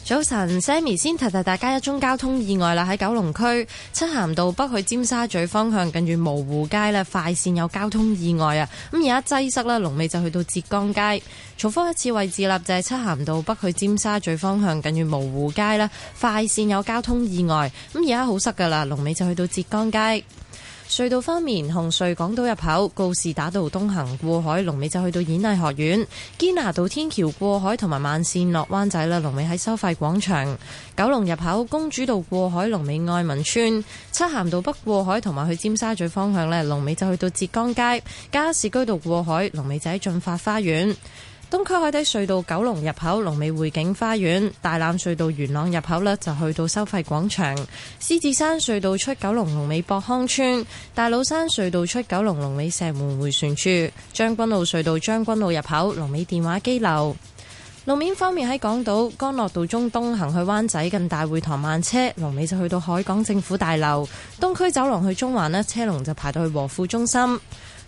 早晨，Sammy 先提提大家一宗交通意外啦，喺九龍區漆咸道北去尖沙咀方向，近住蕪湖街咧快線有交通意外啊。咁而家擠塞啦，龍尾就去到浙江街。重複一次位置啦，就係漆咸道北去尖沙咀方向，近住蕪湖街咧快線有交通意外。咁而家好塞噶啦，龍尾就去到浙江街。隧道方面，紅隧港島入口告士打道東行過海，龍尾就去到演藝學院；堅拿道天橋過海同埋慢線落灣仔啦，龍尾喺收費廣場；九龍入口公主道過海，龍尾愛民村；漆咸道北過海同埋去尖沙咀方向咧，龍尾就去到浙江街；加士居道過海，龍尾仔駿發花園。東區海底隧道九龍入口龍尾匯景花園，大欖隧道元朗入口呢就去到收費廣場，獅子山隧道出九龍龍尾博康村，大老山隧道出九龍龍尾石門回旋處，將軍澳隧道將軍澳入口龍尾電話機樓。路面方面喺港島干諾道中東行去灣仔近大會堂慢車龍尾就去到海港政府大樓，東區走廊去中環呢車龍就排到去和富中心。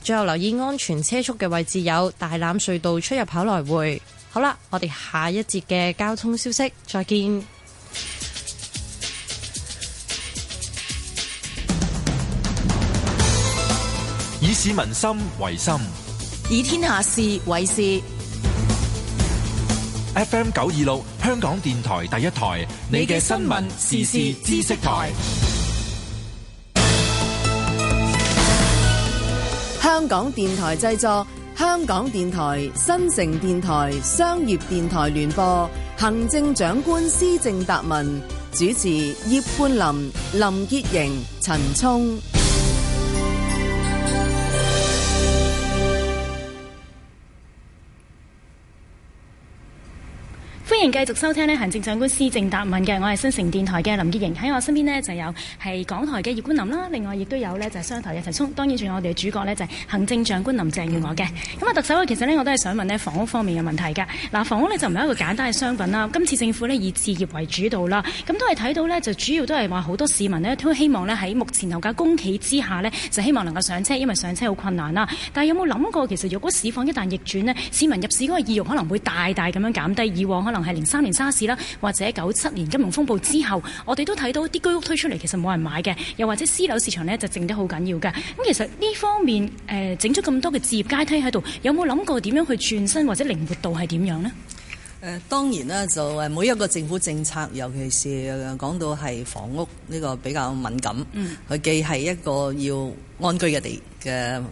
最後留意安全車速嘅位置有大欖隧道出入口來回。好啦，我哋下一節嘅交通消息，再見。以市民心為心，以天下事為事。FM 九二六，香港電台第一台，你嘅新聞時事知識台。香港電台製作，香港電台、新城電台、商業電台聯播。行政長官施政答問，主持葉潘林、林潔瑩、陳聰。繼續收聽呢行政長官施政答問嘅，我係新城電台嘅林潔瑩，喺我身邊呢就有係港台嘅葉冠林啦，另外亦都有呢，就係商台一齊出，當然仲有我哋嘅主角呢，就係行政長官林鄭月娥嘅。咁啊，特首其實呢，我都係想問呢房屋方面嘅問題㗎。嗱，房屋呢就唔係一個簡單嘅商品啦，今次政府呢以置業為主導啦，咁都係睇到呢，就主要都係話好多市民呢，都希望呢喺目前樓價供企之下呢，就希望能夠上車，因為上車好困難啦。但係有冇諗過其實若果市況一旦逆轉呢，市民入市嗰個意欲可能會大大咁樣減低，以往可能係。零三年沙士啦，或者九七年金融風暴之後，我哋都睇到啲居屋推出嚟，其實冇人買嘅，又或者私樓市場呢就靜得好緊要嘅。咁其實呢方面誒，整咗咁多嘅置業階梯喺度，有冇諗過點樣去轉身或者靈活度係點樣呢？誒、呃、當然啦，就誒每一個政府政策，尤其是講到係房屋呢、呢個比較敏感，佢、嗯、既係一個要安居嘅地嘅。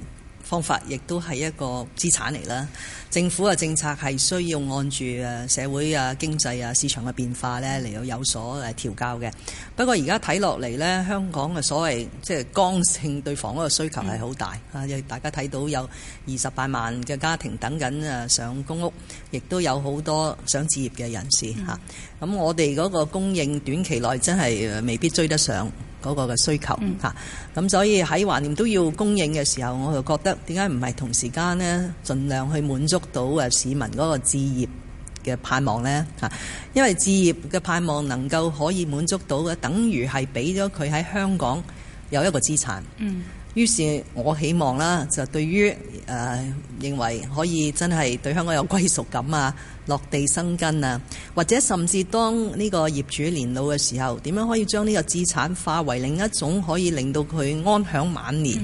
方法亦都係一個資產嚟啦。政府嘅政策係需要按住社會啊、經濟啊、市場嘅變化呢嚟到有所誒調校嘅。不過而家睇落嚟呢，香港嘅所謂即係剛性對房屋嘅需求係好大啊！嗯、大家睇到有二十八萬嘅家庭等緊啊上公屋，亦都有好多想置業嘅人士嚇咁、嗯啊、我哋嗰個供應短期內真係未必追得上。嗰個嘅需求嚇，咁、嗯啊、所以喺橫掂都要供應嘅時候，我就覺得點解唔係同時間呢盡量去滿足到誒市民嗰個置業嘅盼望呢？嚇、啊，因為置業嘅盼望能夠可以滿足到嘅，等於係俾咗佢喺香港有一個資產。嗯，於是我希望啦，就對於誒、呃、認為可以真係對香港有歸屬感啊。落地生根啊，或者甚至當呢個業主年老嘅時候，點樣可以將呢個資產化為另一種可以令到佢安享晚年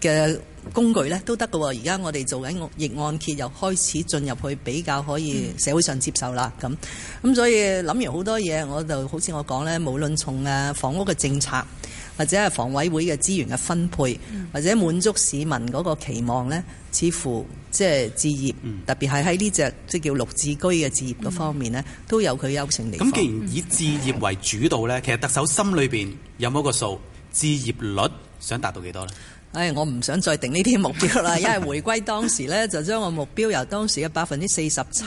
嘅工具呢？嗯、都得嘅。而家我哋做緊，逆按揭又開始進入去比較可以社會上接受啦。咁咁、嗯、所以諗完好多嘢，我就好似我講呢，無論從誒房屋嘅政策，或者係房委會嘅資源嘅分配，或者滿足市民嗰個期望呢，似乎即係置業，嗯、特別係喺呢隻即叫綠置居嘅置業嗰方面呢、嗯、都有佢優勝地方。咁既然以置業為主導呢，其實特首心裏邊有冇個數置業率想達到幾多呢？誒，我唔想再定呢啲目標啦， 因為回歸當時呢，就將我目標由當時嘅百分之四十七。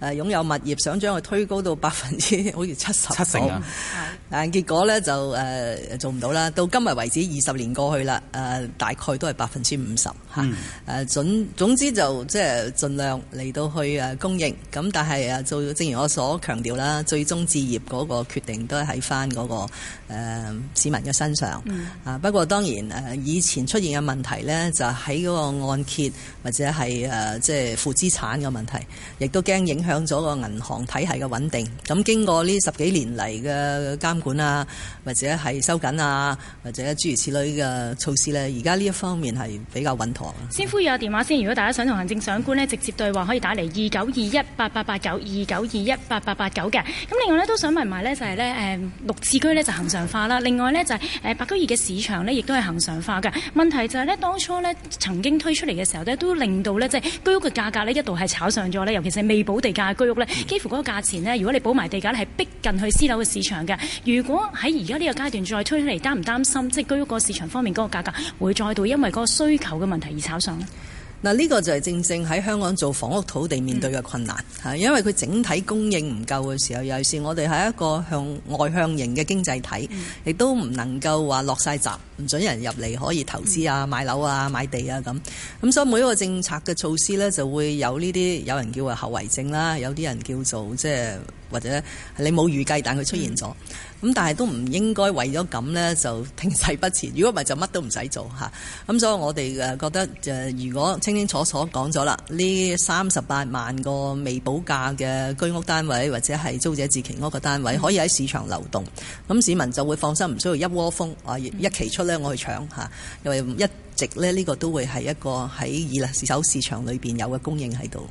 誒擁有物業想將佢推高到百分之好似七十，七成啊！但係結果咧就誒做唔到啦。到今日為止二十年過去啦，誒大概都係百分之五十嚇。誒總、嗯、總之就即係盡量嚟到去誒供應。咁但係誒做，正如我所強調啦，最終置業嗰個決定都係喺翻嗰個誒市民嘅身上。啊、嗯、不過當然誒以前出現嘅問題咧，就喺嗰個按揭或者係誒即係負資產嘅問題，亦都驚影。響咗個銀行體系嘅穩定，咁經過呢十幾年嚟嘅監管啊，或者係收緊啊，或者諸如此類嘅措施呢，而家呢一方面係比較穩妥。先呼入電話先，如果大家想同行政長官呢直接對話，可以打嚟二九二一八八八九二九二一八八八九嘅。咁另外呢，都想問埋呢就係、是、呢，誒六次居呢就恆常化啦，另外呢，就係誒白居二嘅市場呢，亦都係恆常化嘅。問題就係、是、呢，當初呢曾經推出嚟嘅時候呢，都令到呢，即、就、係、是、居屋嘅價格呢，一度係炒上咗呢，尤其是未補地。價居屋咧，幾乎嗰個價錢咧，如果你補埋地價咧，係逼近去私樓嘅市場嘅。如果喺而家呢個階段再推出嚟，擔唔擔心？即係、就是、居屋個市場方面嗰個價格會再度因為嗰個需求嘅問題而炒上咧？嗱，呢個就係正正喺香港做房屋土地面對嘅困難，嗯、因為佢整體供應唔夠嘅時候，尤其是我哋係一個向外向型嘅經濟體，亦、嗯、都唔能夠話落晒閘，唔准人入嚟可以投資啊、買樓啊、買地啊咁。咁所以每一個政策嘅措施呢，就會有呢啲有人叫為後遺症啦，有啲人叫做即係或者你冇預計，但佢出現咗。嗯咁但係都唔應該為咗咁呢，就停滯不前。如果唔係就乜都唔使做咁、啊、所以我哋覺得、啊、如果清清楚楚講咗啦，呢三十八萬個未補價嘅居屋單位或者係租者置其屋嘅單位、嗯、可以喺市場流動，咁、啊、市民就會放心，唔需要一窩蜂啊一齊出呢，我去搶、啊、因為一直呢，呢、呢個都會係一個喺二手市場裏面有嘅供應喺度。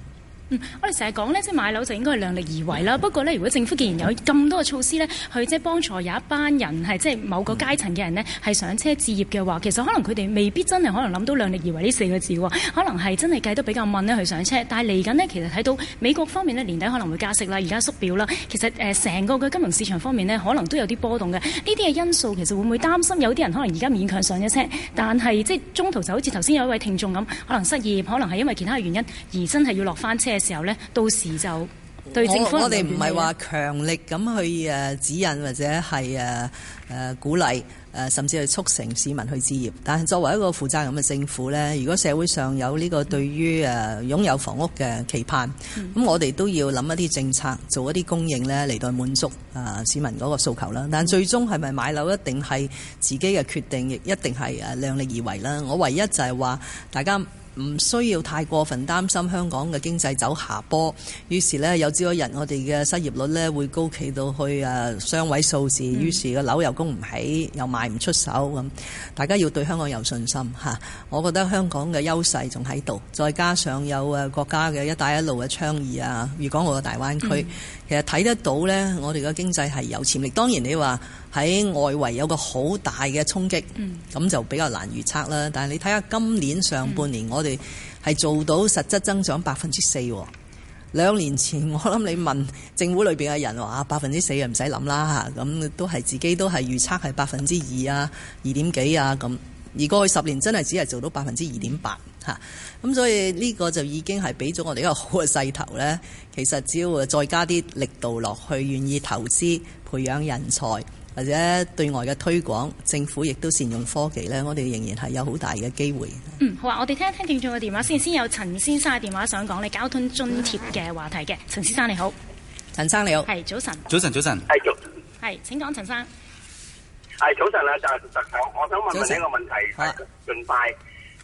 嗯，我哋成日講呢，即係買樓就應該係量力而為啦。不過呢，如果政府既然有咁多嘅措施呢，去即係幫助有一班人係即係某個階層嘅人呢，係上車置業嘅話，其實可能佢哋未必真係可能諗到量力而為呢四個字喎。可能係真係計得比較慢呢去上車。但係嚟緊呢，其實睇到美國方面呢，年底可能會加息啦，而家縮表啦。其實誒成個嘅金融市場方面呢，可能都有啲波動嘅。呢啲嘅因素其實會唔會擔心有啲人可能而家勉強上咗車，但係即係中途就好似頭先有一位聽眾咁，可能失業，可能係因為其他嘅原因而真係要落翻車。嘅時候咧，到時就對政府我我哋唔係話強力咁去誒指引，或者係誒誒鼓勵。誒，甚至係促成市民去置業，但係作為一個負責任嘅政府咧，如果社會上有呢個對於擁有房屋嘅期盼，咁、嗯、我哋都要諗一啲政策，做一啲供應咧嚟到滿足啊市民嗰個訴求啦。但係最終係咪買樓一定係自己嘅決定，亦一定係量力而為啦。我唯一就係話大家唔需要太過分擔心香港嘅經濟走下坡。於是咧，有朝一日我哋嘅失業率咧會高企到去誒雙位數字，嗯、於是個樓又供唔起，又買。唔出手咁，大家要對香港有信心嚇。我覺得香港嘅優勢仲喺度，再加上有誒國家嘅一帶一路嘅倡議啊，粵港澳嘅大灣區，嗯、其實睇得到呢，我哋嘅經濟係有潛力。當然你話喺外圍有個好大嘅衝擊，咁、嗯、就比較難預測啦。但係你睇下今年上半年，嗯、我哋係做到實質增長百分之四。兩年前我諗你問政府裏面嘅人，話百分之四啊，唔使諗啦嚇。咁都係自己都係預測係百分之二啊二點幾啊咁，而過去十年真係只係做到百分之二點八嚇。咁所以呢個就已經係俾咗我哋一個好嘅勢頭呢，其實只要再加啲力度落去，願意投資、培養人才。或者對外嘅推廣，政府亦都善用科技咧，我哋仍然係有好大嘅機會的。嗯，好啊，我哋聽一聽聽眾嘅電話先，先有陳先生嘅電話想講你交通津貼嘅話題嘅。陳先生你好，陳生你好，係早，早晨，早晨，係係早晨，係。係請講，陳生，係早晨啊！就係特首，我想問問呢個問題，盡快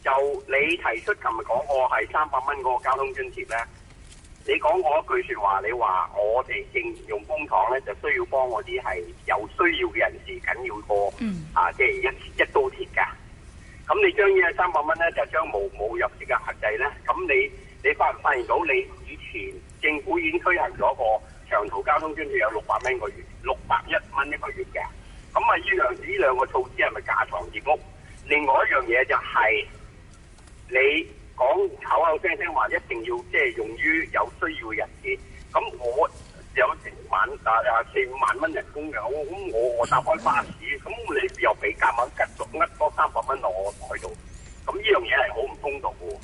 就你提出琴日講過係三百蚊嗰個交通津貼咧。你講過一句說話，你話我哋應用公帑咧，就需要幫我哋係有需要嘅人士緊要過，mm. 啊，即係一一刀切㗎。咁你將呢個三百蚊咧，就將無無入息嘅核計咧，咁你你發唔發現到你以前政府已經推行咗個長途交通津貼有六百蚊個月，六百一蚊一個月嘅。咁啊，呢樣呢兩個措施係咪架床疊屋？另外一樣嘢就係你。講口口聲聲話一定要即係用於有需要嘅人士，咁我有成萬啊啊四五萬蚊人工嘅，咁我我搭開巴士，咁你又俾夾硬拮到呃多三百蚊落我個袋度，咁呢樣嘢係好唔公道嘅。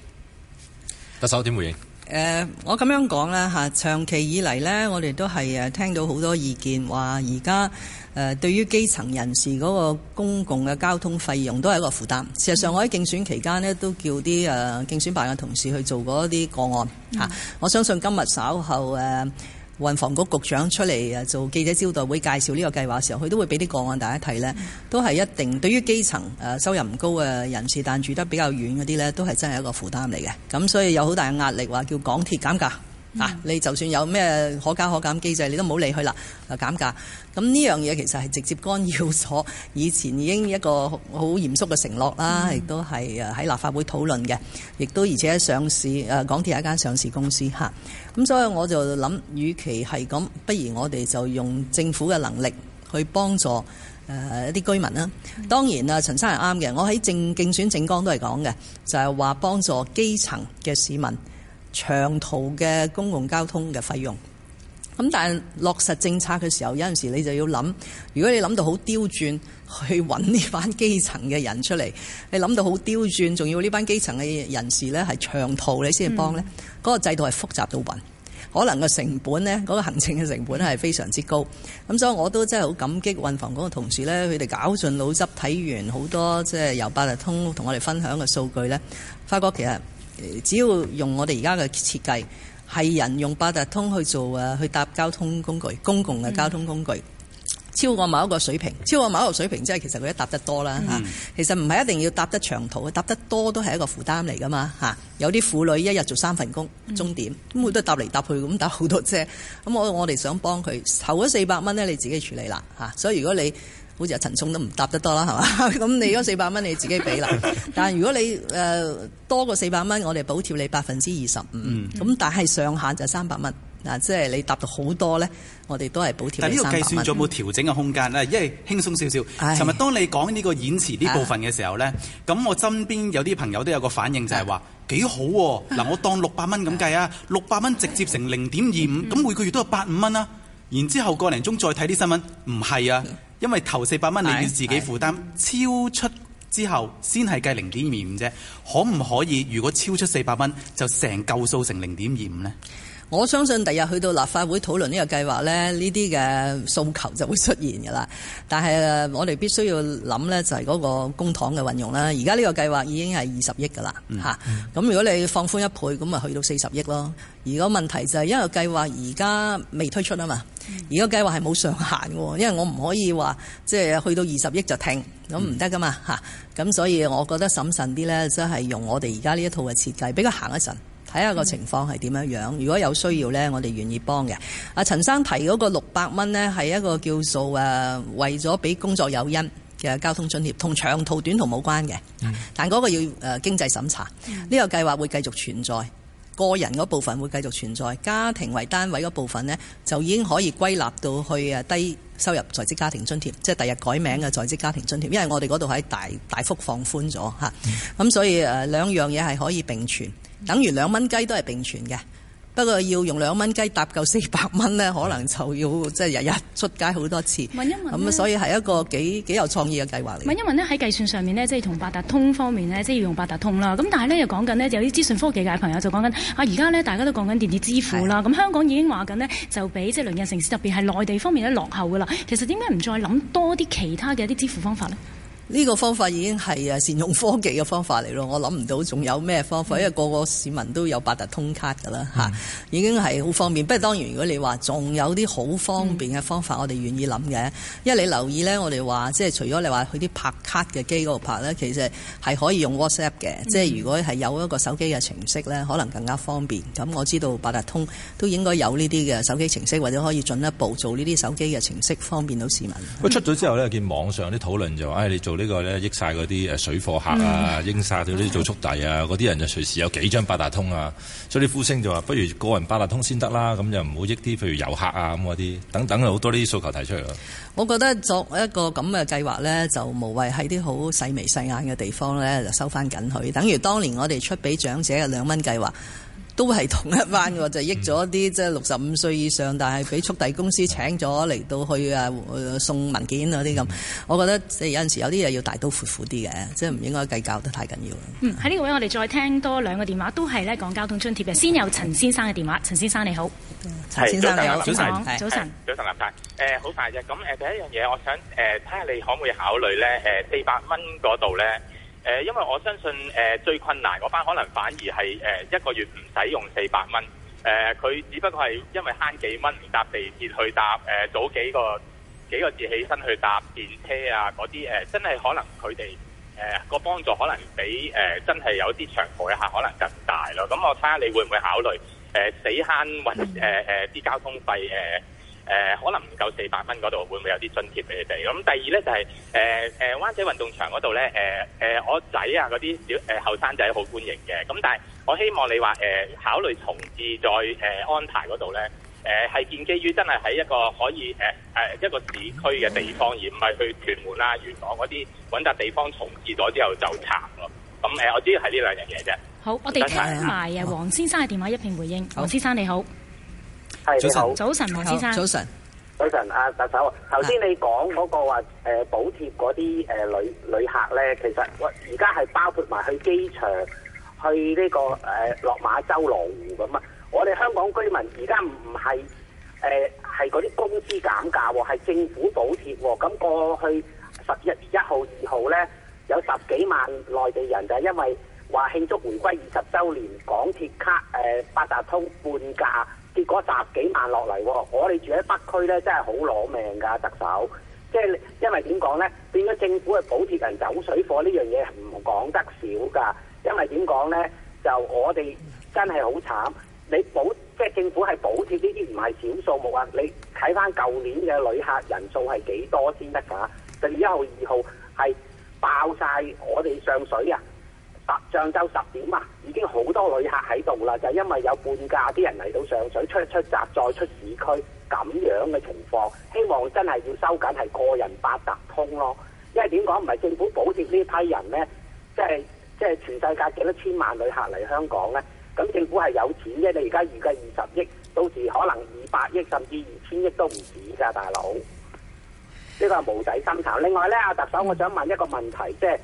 特首點回應？誒、呃，我咁樣講咧吓，長期以嚟咧，我哋都係誒聽到好多意見，話而家。誒、呃、對於基層人士嗰個公共嘅交通費用都係一個負擔。事實上，我喺競選期間呢都叫啲誒競選辦嘅同事去做過一啲個案、啊嗯、我相信今日稍後誒、呃、運房局局長出嚟做記者招待會介紹呢個計劃嘅時候，佢都會俾啲個案大家睇呢、嗯、都係一定對於基層、呃、收入唔高嘅人士，但住得比較遠嗰啲呢，都係真係一個負擔嚟嘅。咁所以有好大嘅壓力話叫港鐵減價。嚇、啊！你就算有咩可加可減機制，你都唔好理佢啦。誒減價咁呢樣嘢其實係直接干擾咗以前已經一個好嚴肅嘅承諾啦，亦都係喺立法會討論嘅，亦都而且上市誒、呃、港鐵係一間上市公司嚇。咁、啊、所以我就諗，與其係咁，不如我哋就用政府嘅能力去幫助誒一啲居民啦。的當然陳生係啱嘅，我喺競競選政綱都係講嘅，就係、是、話幫助基層嘅市民。長途嘅公共交通嘅費用，咁但係落實政策嘅時候，有時你就要諗，如果你諗到好刁鑽去搵呢班基層嘅人出嚟，你諗到好刁鑽，仲要呢班基層嘅人士呢係長途你先係幫呢？嗰、嗯、個制度係複雜到暈，可能個成本呢，嗰、嗰個行政嘅成本係非常之高。咁所以我都真係好感激運房局嘅同事呢，佢哋搞盡腦汁睇完好多即係由八達通同我哋分享嘅數據呢，發覺其實。只要用我哋而家嘅設計，係人用八達通去做啊，去搭交通工具，公共嘅交通工具，嗯、超過某一個水平，超過某一個水平，即係其實佢一搭得多啦、嗯啊、其實唔係一定要搭得長途，搭得多都係一個負擔嚟噶嘛吓，有啲婦女一日做三份工，鐘點咁、嗯嗯、都係搭嚟搭去咁搭好多車。咁我我哋想幫佢，扣咗四百蚊咧，你自己處理啦、啊、所以如果你好似阿陳聰都唔搭得多啦，係嘛？咁你嗰四百蚊你自己俾啦。但如果你誒、呃、多過四百蚊，我哋補貼你百分之二十五。咁、嗯、但係上限就三百蚊。嗱、啊，即係你搭到好多咧，我哋都係補貼。但呢計算咗冇調整嘅空間咧？因為、嗯、輕鬆少少。尋日唉當你講呢個演詞呢部分嘅時候咧，咁唉我身邊有啲朋友都有個反應、嗯、就係話幾好喎。嗱，我當六百蚊咁計啊，六百蚊直接成零點二五，咁每個月都有八五蚊啦。然之後個零鐘再睇啲新聞，唔係啊，因為頭四百蚊你要自己負擔，超出之後先係計零點二五啫。可唔可以如果超出四百蚊，就數成嚿數成零點二五呢？我相信第日去到立法會討論呢個計劃咧，呢啲嘅訴求就會出現㗎啦。但係我哋必須要諗咧，就係嗰個公帑嘅運用啦。而家呢個計劃已經係二十億㗎啦，咁、嗯嗯、如果你放寬一倍，咁咪去到四十億咯。而個問題就係因為計劃而家未推出啊嘛。嗯、而個計劃係冇上限喎，因為我唔可以話即係去到二十億就停，咁唔得噶嘛，嚇、嗯。咁、啊、所以我覺得審慎啲咧，即、就、係、是、用我哋而家呢一套嘅設計，俾佢行一陣。睇下個情況係點樣樣，如果有需要呢，我哋願意幫嘅。阿陳生提嗰個六百蚊呢，係一個叫做誒，為咗俾工作有因嘅交通津貼，同長途短途冇關嘅。嗯、但嗰個要誒經濟審查。呢、嗯、個計劃會繼續存在，個人嗰部分會繼續存在，家庭為單位嗰部分呢，就已經可以歸納到去低收入在職家庭津貼，即係第二日改名嘅在職家庭津貼，因為我哋嗰度喺大大幅放寬咗嚇。咁、嗯、所以誒兩樣嘢係可以並存。等於兩蚊雞都係並存嘅，不過要用兩蚊雞搭夠四百蚊咧，可能就要即係日日出街好多次。問一問咁、嗯、所以係一個幾幾有創意嘅計劃嚟。問一問咧，喺計算上面呢，即係同八達通方面呢，即係要用八達通啦。咁但係呢，又講緊呢，有啲資訊科技界嘅朋友就講緊啊，而家呢，大家都講緊電子支付啦。咁的、嗯、香港已經話緊呢，就比即係鄰近城市特別係內地方面咧落後噶啦。其實點解唔再諗多啲其他嘅一啲支付方法呢？呢個方法已經係啊善用科技嘅方法嚟咯，我諗唔到仲有咩方法，嗯、因為個個市民都有八達通卡㗎啦嚇，嗯、已經係好方便。不過當然，如果你話仲有啲好方便嘅方法，嗯、我哋願意諗嘅。因為你留意呢，我哋話即係除咗你話去啲拍卡嘅機嗰度拍呢，其實係可以用 WhatsApp 嘅，即係、嗯、如果係有一個手機嘅程式呢，可能更加方便。咁我知道八達通都應該有呢啲嘅手機程式，或者可以進一步做呢啲手機嘅程式，方便到市民。佢出咗之後呢，見、嗯、網上啲討論就話：唉，你做。個呢個咧益晒嗰啲誒水貨客啊，益晒咗啲做速遞啊，嗰啲、嗯、人就隨時有幾張八達通啊，所以啲呼聲就話不如個人八達通先得啦，咁就唔好益啲譬如遊客啊咁嗰啲等等，好多呢啲訴求提出嚟啦。我覺得作一個咁嘅計劃咧，就無謂喺啲好細眉細眼嘅地方咧就收翻緊佢，等於當年我哋出俾長者嘅兩蚊計劃。都係同一班嘅喎，就益咗啲即係六十五歲以上，但係俾速遞公司請咗嚟到去啊送文件嗰啲咁。我覺得即係有陣時有啲嘢要大刀闊斧啲嘅，即係唔應該計較得太緊要。嗯，喺呢個位我哋再聽多兩個電話，都係咧講交通津貼嘅。先有陳先生嘅電話，陳先生你好，陳先生早晨，早晨，早晨好，林太。誒好、呃、快啫，咁誒第一樣嘢，我想誒睇下你可唔可以考慮咧誒四百蚊嗰度咧。呃四百誒，因為我相信誒最困難嗰班，可能反而係誒一個月唔使用四百蚊誒，佢只不過係因為慳幾蚊，搭地鐵去搭誒，早幾個幾個字起身去搭電車啊嗰啲誒，真係可能佢哋誒個幫助可能比誒真係有啲長途嘅客可能更大咯。咁我睇下你會唔會考慮誒死慳揾誒誒啲交通費誒？呃誒、呃、可能唔夠四百蚊嗰度會唔會有啲津貼俾你哋？咁、嗯、第二咧就係、是、誒、呃、灣仔運動場嗰度咧誒我仔啊嗰啲小後生仔好歡迎嘅。咁但係我希望你話、呃、考慮重置再、呃、安排嗰度咧係建基於真係喺一個可以誒、呃、一個市區嘅地方，而唔係去屯門啦、啊、元朗嗰啲揾笪地方重置咗之後就拆喎。咁、嗯呃、我知係呢兩樣嘢啫。好，我哋聽埋啊黃先生嘅電話一片回應。好黃先生你好。早晨，好早晨，先生，早晨，早晨。阿特首，頭先你講嗰個話誒補貼嗰啲誒旅旅客咧，其實我而家係包括埋去機場、去呢、這個誒、呃、落馬洲羅湖咁啊！我哋香港居民而家唔係誒係嗰啲工資減價喎，係政府補貼喎。咁過去十一月一號、二號咧，有十幾萬內地人就係、是、因為話慶祝回歸二十週年，港鐵卡誒、呃、八達通半價。結果十幾萬落嚟喎，我哋住喺北區咧，真係好攞命㗎特首，即係因為點講咧，變咗政府係補貼人走水貨呢樣嘢，唔講得少㗎。因為點講咧，就我哋真係好慘，你補即係政府係補貼呢啲唔係小數目啊！你睇翻舊年嘅旅客人數係幾多先得㗎？就一號二號係爆晒我哋上水啊！白上周十點啊，已經好多旅客喺度啦，就係、因為有半價啲人嚟到上水出出閘再出市區咁樣嘅情況，希望真係要收緊係個人八達通咯。因為點講唔係政府補貼呢批人呢，即係即係全世界幾多千萬旅客嚟香港呢？咁政府係有錢嘅？你而家預計二十億，到時可能二百億甚至二千億都唔止㗎，大佬。呢個係無底深潭。另外呢，阿特首，我想問一個問題，嗯、即係。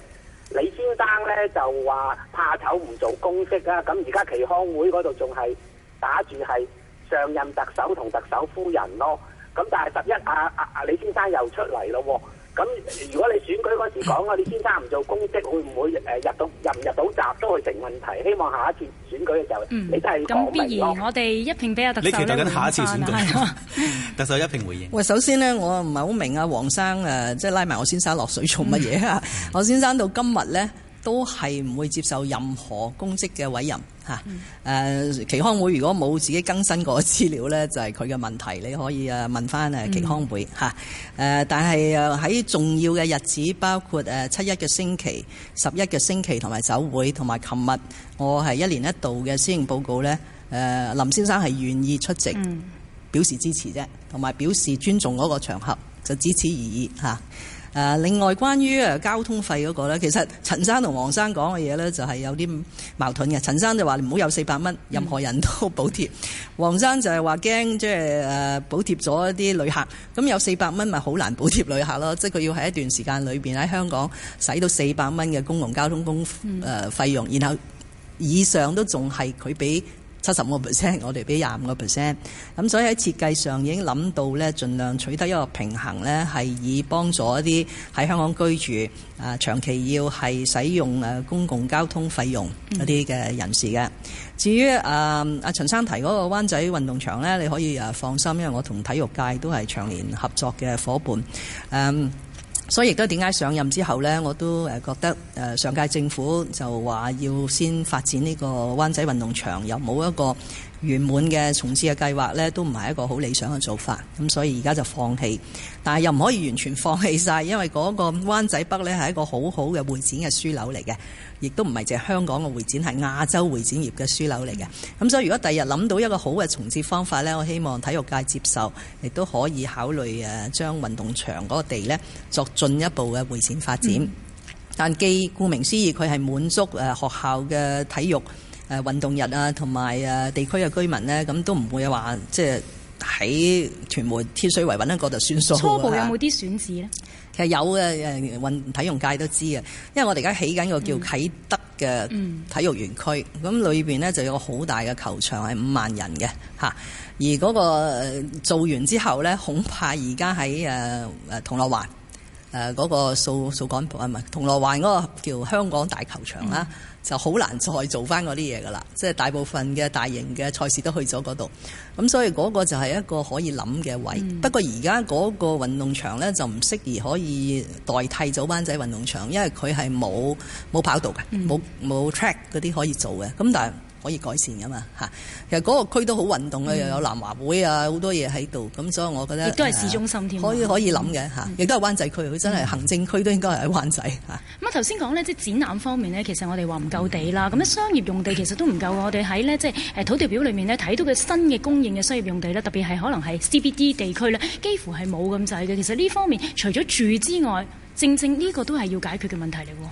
李先生咧就話怕醜唔做公職啊。咁而家耆康會嗰度仲係打住係上任特首同特首夫人咯，咁但係十一啊，阿阿、啊啊、李先生又出嚟咯，啊。咁如果你選舉嗰時講啊，你先生唔做公職，會唔會誒入到入唔入到閘都係成問題？希望下一次選舉嘅時候你，你都係講必然。我哋一評比較特首，你期待緊下一次選舉，嗯、 特首一評回應。喂，首先呢，我唔係好明啊，黃生誒，即係拉埋我先生落水做乜嘢啊？嗯、 我先生到今日咧。都係唔會接受任何公職嘅委任嚇。誒、嗯，啊、耆康會如果冇自己更新過資料呢，就係佢嘅問題，你可以誒問翻誒耆康會嚇。誒、嗯啊，但係喺重要嘅日子，包括誒七一嘅星期、十一嘅星期同埋酒會，同埋琴日我係一年一度嘅施政報告呢，誒、呃，林先生係願意出席，嗯、表示支持啫，同埋表示尊重嗰個場合，就只此而已嚇。誒、啊、另外關於交通費嗰、那個咧，其實陳生同黃生講嘅嘢咧就係有啲矛盾嘅。陳生就話唔好有四百蚊，任何人都補貼。黃、嗯、生就係話驚即係誒補貼咗一啲旅客，咁有四百蚊咪好難補貼旅客咯，即係佢要喺一段時間裏面喺香港使到四百蚊嘅公共交通工、嗯呃、費用，然後以上都仲係佢俾。七十五個 percent，我哋俾廿五個 percent。咁所以喺設計上已經諗到咧，盡量取得一個平衡咧，係以幫助一啲喺香港居住啊長期要係使用誒公共交通費用嗰啲嘅人士嘅。至於誒阿陳生提嗰個灣仔運動場咧，你可以誒放心，因為我同體育界都係長年合作嘅伙伴。呃所以亦都點解上任之後呢，我都誒覺得誒，上屆政府就話要先發展呢個灣仔運動場，又冇一個。完滿嘅重置嘅計劃呢，都唔係一個好理想嘅做法。咁所以而家就放棄，但係又唔可以完全放棄曬，因為嗰個灣仔北呢，係一個好好嘅會展嘅樞紐嚟嘅，亦都唔係淨係香港嘅會展，係亞洲會展業嘅樞紐嚟嘅。咁所以如果第日諗到一個好嘅重置方法呢，我希望體育界接受，亦都可以考慮將運動場嗰個地呢，作進一步嘅會展發展。但既顧名思義，佢係滿足誒學校嘅體育。誒運動日啊，同埋地區嘅居民呢，咁都唔會話即係喺屯門天水圍揾一個就算數。初步有冇啲選址呢？其實有嘅誒，運體育界都知嘅，因為我哋而家起緊個叫啟德嘅體育園區，咁裏、嗯嗯、面呢，就有個好大嘅球場係五萬人嘅吓，而嗰個做完之後呢，恐怕而家喺誒誒銅鑼灣嗰個掃掃桿埔啊，唔係銅鑼灣嗰個叫香港大球場啦。嗯就好難再做翻嗰啲嘢噶啦，即係大部分嘅大型嘅賽事都去咗嗰度，咁所以嗰個就係一個可以諗嘅位。嗯、不過而家嗰個運動場呢，就唔適宜可以代替咗灣仔運動場，因為佢係冇冇跑道嘅，冇冇、嗯、track 嗰啲可以做嘅。咁但係，可以改善噶嘛嚇，其實嗰個區都好運動啊，又、嗯、有南華會啊，好多嘢喺度，咁所以我覺得亦都係市中心添、呃，可以可以諗嘅嚇，亦都係灣仔區，佢真係行政區都應該係喺灣仔嚇。咁、嗯、啊頭先講咧，即係展覽方面咧，其實我哋話唔夠地啦，咁、嗯、商業用地其實都唔夠，嗯、我哋喺咧即係誒土地表裏面咧睇到嘅新嘅供應嘅商業用地咧，特別係可能係 CBD 地區咧，幾乎係冇咁滯嘅。其實呢方面除咗住之外，正正呢個都係要解決嘅問題嚟喎。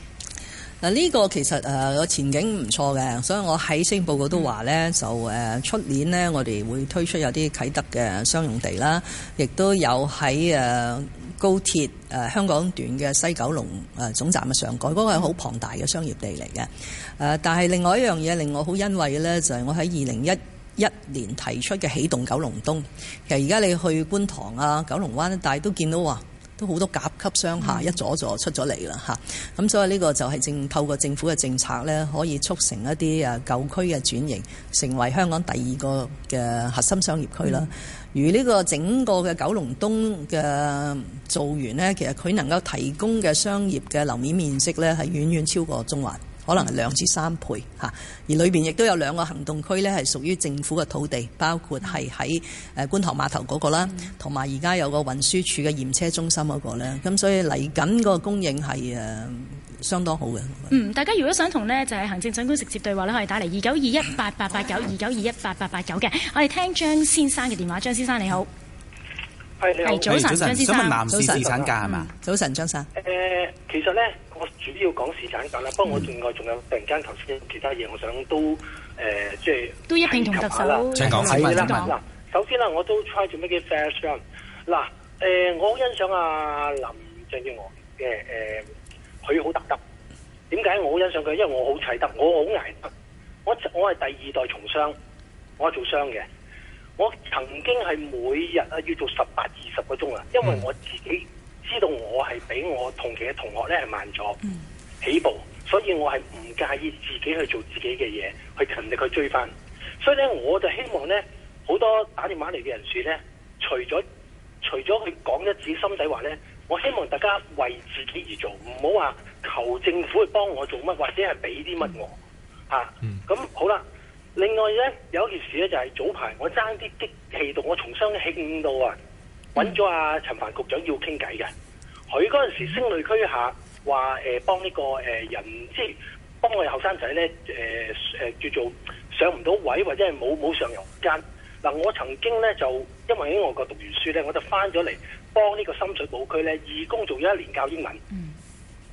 嗱，呢個其實誒個前景唔錯嘅，所以我喺升報告都話呢就誒出年呢，我哋會推出有啲啟德嘅商用地啦，亦都有喺誒高鐵誒香港段嘅西九龍誒總站嘅上蓋，嗰個係好龐大嘅商業地嚟嘅。誒，但係另外一樣嘢令我好欣慰嘅呢，就係我喺二零一一年提出嘅起動九龍東。其實而家你去觀塘啊、九龍灣，大家都見到話都好多甲級商廈一座座出咗嚟啦吓，咁所以呢個就係正透過政府嘅政策呢，可以促成一啲舊區嘅轉型，成為香港第二個嘅核心商業區啦。而呢、嗯、個整個嘅九龍東嘅做完呢，其實佢能夠提供嘅商業嘅樓面面積呢，係遠遠超過中環。可能係兩至三倍嚇，嗯、而裏邊亦都有兩個行動區呢，係屬於政府嘅土地，包括係喺誒觀塘碼頭嗰、那個啦，同埋而家有個運輸署嘅驗車中心嗰、那個咧。咁所以嚟緊個供應係誒相當好嘅。嗯，大家如果想同呢，就係行政長官直接對話呢，可以打嚟二九二一八八八九二九二一八八八九嘅。我哋聽張先生嘅電話，張先生你好。係你好，早晨。Hey, 早晨。張先生想問男士侍產假係嘛？早晨，張生。其實咧，我主要講時產價啦。不過我另外仲有、嗯、突然間頭先其他嘢，我想都誒，即係都一並同特首啦。請講嗱，對說首先啦，我都 try to make it fast 嘅。嗱誒、呃，我好欣賞阿、啊、林鄭月娥嘅誒，佢好得得。點、呃、解我好欣賞佢？因為我好齊得，我好挨得。我我係第二代從商，我係做商嘅。我曾經係每日啊要做十八二十個鐘啊，因為我自己、嗯。知道我係比我同期嘅同學咧係慢咗起步，所以我係唔介意自己去做自己嘅嘢，去勤力去追翻。所以咧，我就希望咧，好多打電話嚟嘅人士咧，除咗除咗去講一啲心底話咧，我希望大家為自己而做，唔好話求政府去幫我做乜，或者係俾啲乜我咁、啊嗯、好啦，另外咧有一件事咧就係早排我爭啲激氣到，我重新興到啊！搵咗阿陳帆局長要傾偈嘅，佢嗰陣時聲淚俱下，話誒幫呢個誒、呃、人，即係幫我哋後生仔咧，誒誒、呃呃、叫做上唔到位或者係冇冇上用間。嗱、呃，我曾經咧就因為喺外國讀完書咧，我就翻咗嚟幫呢個深水埗區咧義工做咗一年教英文。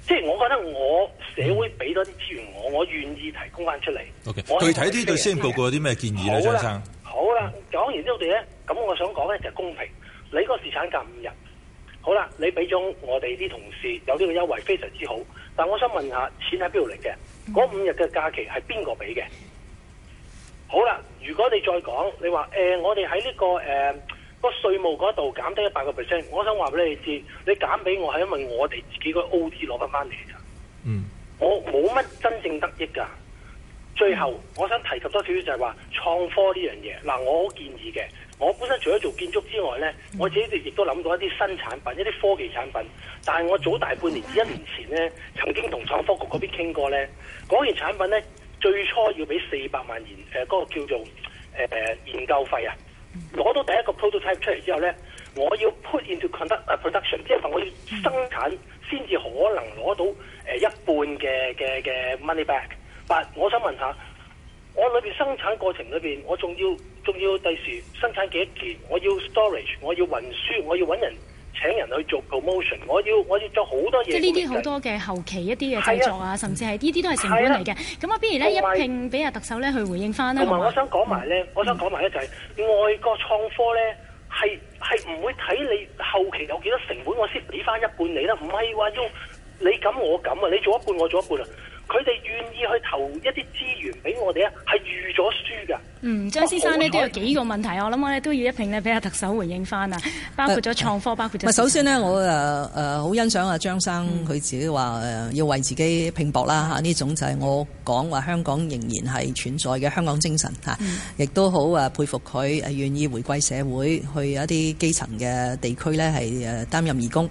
即係、嗯、我覺得我社會俾多啲資源我，我願意提供翻出嚟。具體啲對施政報告有啲咩建議咧，張生日？好啦，講完之後我哋咧，咁我想講咧就係、是、公平。你個侍產假五日，好啦，你俾咗我哋啲同事有呢個優惠，非常之好。但我想問下，錢喺邊度嚟嘅？嗰五日嘅假期係邊個俾嘅？好啦，如果你再講，你話誒、呃，我哋喺呢個誒個稅務嗰度減低一百個 percent，我想話俾你知，你減俾我係因為我哋自己個 OT 攞翻翻嚟㗎。嗯，我冇乜真正得益㗎。最後，我想提及多少少就係話創科呢樣嘢嗱，我好建議嘅。我本身除咗做建築之外咧，我自己亦都諗到一啲新產品、一啲科技產品。但係我早大半年至一年前咧，曾經同創科局嗰邊傾過咧，嗰件產品咧，最初要俾四百萬元，誒、呃、嗰、嗰個叫做、呃、研究費啊，攞到第一個 prototype 出嚟之後咧，我要 put into production，即係話我要生產先至可能攞到、呃、一半嘅嘅嘅 money back。But, 我想問下，我裏面生產過程裏面，我仲要仲要第時生產幾多件？我要 storage，我要運輸，我要揾人請人去做 promotion，我要我要做好多嘢。即係呢啲好多嘅後期一啲嘅製作啊，啊甚至係呢啲都係成本嚟嘅。咁啊，邊如不如咧有一併俾阿特首咧去回應翻咧，同埋我想講埋咧，我想講埋咧就係、是嗯、外國創科咧係係唔會睇你後期有幾多成本，我先俾翻一半、啊、你啦，唔係話要你咁我咁啊，你做一半我做一半啊。佢哋願意去投一啲資源俾我哋啊，係預咗輸㗎。嗯，張先生呢都有幾個問題，好我諗我哋都要一拼呢俾阿特首回應翻啊，包括咗創科，但包括咗。首先呢，我誒好欣賞阿張生佢自己話要為自己拼搏啦呢、嗯、種就係我講話香港仍然係存在嘅香港精神，亦都好誒佩服佢願意回歸社會去一啲基層嘅地區呢係誒擔任義工，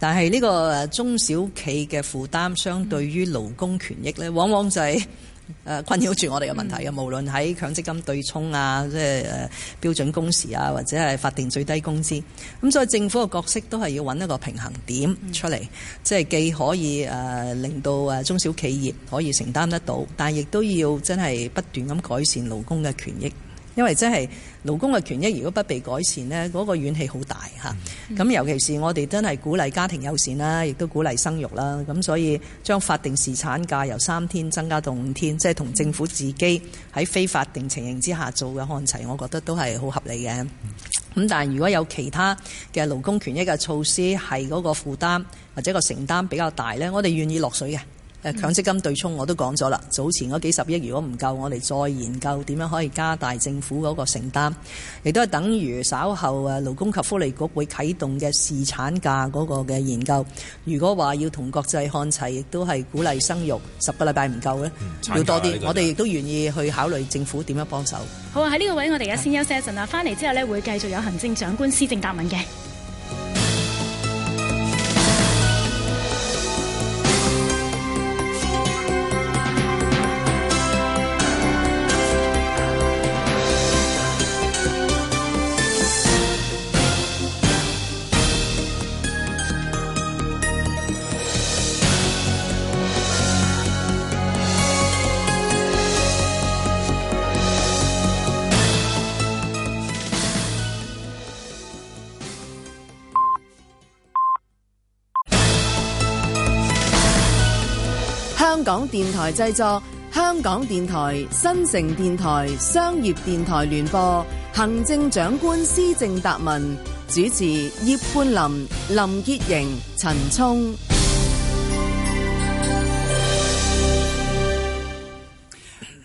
但係呢個中小企嘅負擔相對於勞工權，嗯權益咧，往往就係誒困擾住我哋嘅問題嘅。無論喺強積金對沖啊，即係誒標準工時啊，或者係法定最低工資，咁所以政府嘅角色都係要搵一個平衡點出嚟，即係既可以誒令到誒中小企業可以承擔得到，但係亦都要真係不斷咁改善勞工嘅權益。因為即係勞工嘅權益如果不被改善呢，嗰、嗰個怨氣好大咁、嗯、尤其是我哋真係鼓勵家庭友善啦，亦都鼓勵生育啦。咁所以將法定時產假由三天增加到五天，即係同政府自己喺非法定情形之下做嘅看齊，我覺得都係好合理嘅。咁但係如果有其他嘅勞工權益嘅措施係嗰個負擔或者個承擔比較大呢，我哋願意落水嘅。誒強積金對沖我都講咗啦，早前嗰幾十億如果唔夠，我哋再研究點樣可以加大政府嗰個承擔，亦都係等於稍後誒勞工及福利局會啟動嘅試產假嗰個嘅研究。如果話要同國際看齊，亦都係鼓勵生育，十個禮拜唔夠呢、嗯、要多啲。嗯、我哋亦都願意去考慮政府點樣幫手。好啊，喺呢個位我哋而家先休息一陣啦，翻嚟之後呢，會繼續有行政長官施政答問嘅。香港電台製作，香港電台、新城電台、商業電台聯播。行政長官施政答問，主持葉冠霖、林潔瑩、陳聰。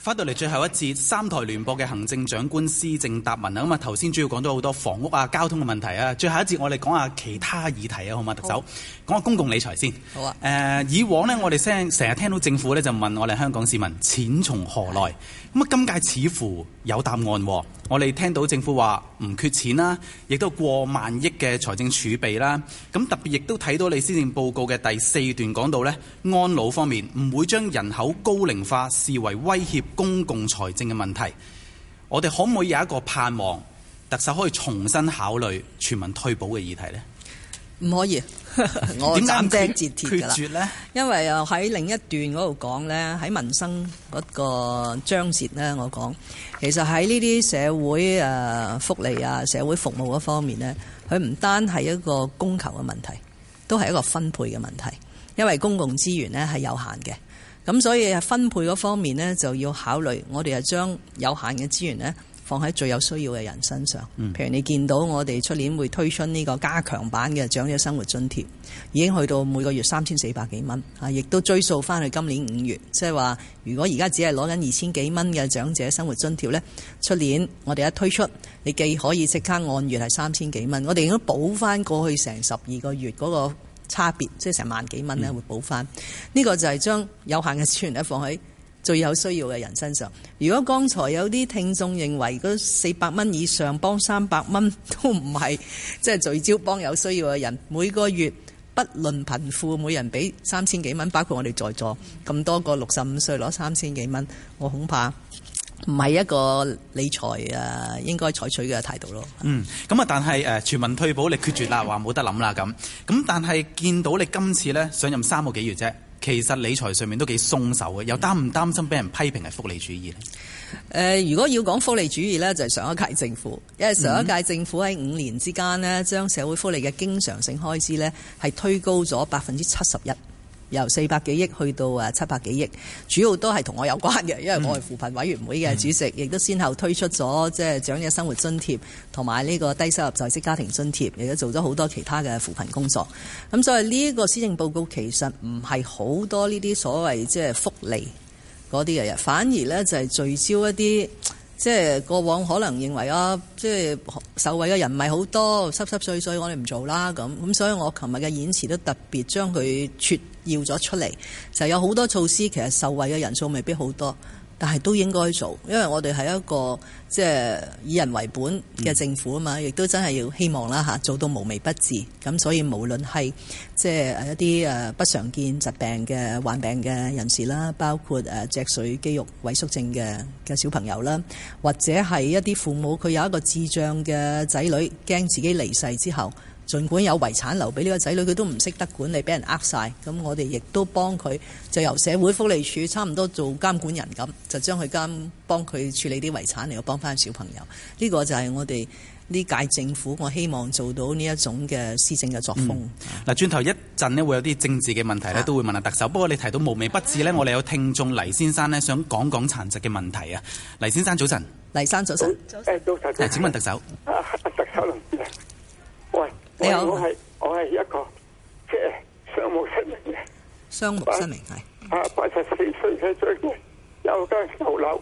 翻到嚟最後一節，三台聯播嘅行政長官施政答問啊！咁啊頭先主要講咗好多房屋啊、交通嘅問題啊，最後一節我哋講下其他議題啊，好嘛，特首講下公共理財先。好啊。誒，uh，以往呢，我哋成成日聽到政府咧就問我哋香港市民錢從何來，咁啊是今屆似乎有答案喎，啊。我哋聽到政府話唔缺錢啦，亦都過萬億嘅財政儲備啦。咁特別亦都睇到你施政報告嘅第四段講到，呢安老方面唔會將人口高齡化視為威脅公共財政嘅問題。我哋可唔可以有一個盼望，特首可以重新考慮全民退保嘅議題呢？唔可以，我斬釘截鐵噶啦。因為又喺另一段嗰度講呢，喺民生嗰個章節呢我講，其實喺呢啲社會誒福利啊、社會服務嗰方面呢，佢唔單係一個供求嘅問題，都係一個分配嘅問題。因為公共資源呢係有限嘅，咁所以分配嗰方面呢就要考慮，我哋係將有限嘅資源呢放喺最有需要嘅人身上，譬如你見到我哋出年會推出呢個加強版嘅長者生活津貼，已經去到每個月三千四百幾蚊，啊，亦都追溯翻去今年五月，即係話，如果而家只係攞緊二千幾蚊嘅長者生活津貼咧，出年我哋一推出，你既可以即刻按月係三千幾蚊，我哋應該補翻過去成十二個月嗰個差別，即係成萬幾蚊咧會補翻，呢、嗯、個就係將有限嘅資源咧放喺，最有需要嘅人身上，如果剛才有啲聽眾認為嗰四百蚊以上幫三百蚊都唔係，即係聚焦幫有需要嘅人，每個月不論貧富，每人俾三千幾蚊，包括我哋在座咁多個六十五歲攞三千幾蚊，我恐怕唔係一個理財啊應該採取嘅態度咯。嗯，咁啊，但係誒全民退保你決絕啦，話冇得諗啦咁，咁但係見到你今次咧上任三個幾月啫。其實理財上面都幾鬆手嘅，又擔唔擔心俾人批評係福利主義呢？呃，如果要講福利主義呢就係、是、上一屆政府，因為上一屆政府喺五年之間呢，嗯，將社會福利嘅經常性開支呢，係推高咗百分之七十一。由四百幾億去到七百幾億，主要都係同我有關嘅，因為我係扶貧委員會嘅主席，亦、mm hmm. 都先後推出咗即係長者生活津貼同埋呢個低收入在職家庭津貼，亦都做咗好多其他嘅扶貧工作。咁所以呢個施政報告其實唔係好多呢啲所謂即係福利嗰啲嘅嘢，反而呢就係聚焦一啲即係過往可能認為啊，即係受惠嘅人唔係好多，濕濕碎碎我哋唔做啦咁。咁所以我琴日嘅演辭都特別將佢要咗出嚟就有好多措施，其實受惠嘅人數未必好多，但係都應該做，因為我哋係一個即係以人為本嘅政府啊嘛，亦都真係要希望啦吓做到無微不至。咁所以無論係即係一啲誒不常見疾病嘅患病嘅人士啦，包括誒脊髓肌肉萎縮症嘅嘅小朋友啦，或者係一啲父母佢有一個智障嘅仔女，驚自己離世之後。儘管有遺產留俾呢個仔女，佢都唔識得管理，俾人呃晒。咁我哋亦都幫佢，就由社會福利署差唔多做監管人咁，就將佢監幫佢處理啲遺產嚟，到幫翻小朋友。呢、這個就係我哋呢屆政府我希望做到呢一種嘅施政嘅作風。嗱、嗯，轉頭一陣呢會有啲政治嘅問題呢都會問下特首。啊、不過你提到無微不至呢、啊、我哋有聽眾黎先生呢想講講殘疾嘅問題啊。黎先生早晨，黎生早晨，早晨。早晨。請問特首？啊、特首。我係我係一個即係雙目失明嘅，雙目失明係啊，八十四歲嘅最高，有間樓，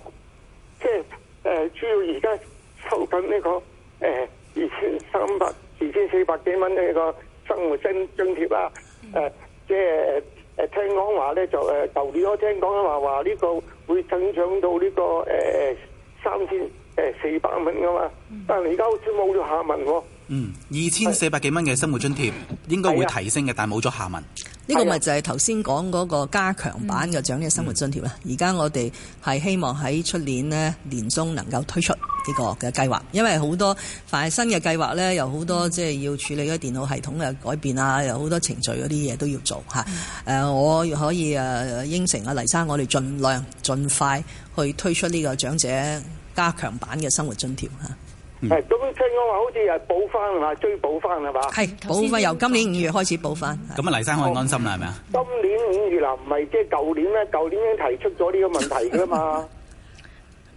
即係誒，主要而家收緊呢、這個誒二千三百二千四百幾蚊呢個生活津津貼啊，誒即係誒聽講話咧就誒，舊、呃、年我聽講話話呢個會增長到呢、這個誒三千誒四百蚊㗎嘛，但係而家好似冇咗下文，哦。嗯，二千四百幾蚊嘅生活津貼應該會提升嘅，的但係冇咗下文。呢個咪就係頭先講嗰個加強版嘅長者生活津貼啦。而家的我哋係希望喺出年呢年中能夠推出呢個嘅計劃，因為好多凡係新嘅計劃呢，有好多即係要處理嘅電腦系統嘅改變啊，有好多程序嗰啲嘢都要做吓。誒、呃，我可以誒應承啊，啊黎生，我哋盡量盡快去推出呢個長者加強版嘅生活津貼吓。誒，咁聽講話，好似係補翻，係嘛，追補翻，係嘛？係補翻，由今年五月開始補翻。咁啊，黎生可以安心啦，係咪啊？今年五月啦，唔係即係舊年咧，舊年已經提出咗呢個問題噶啦嘛。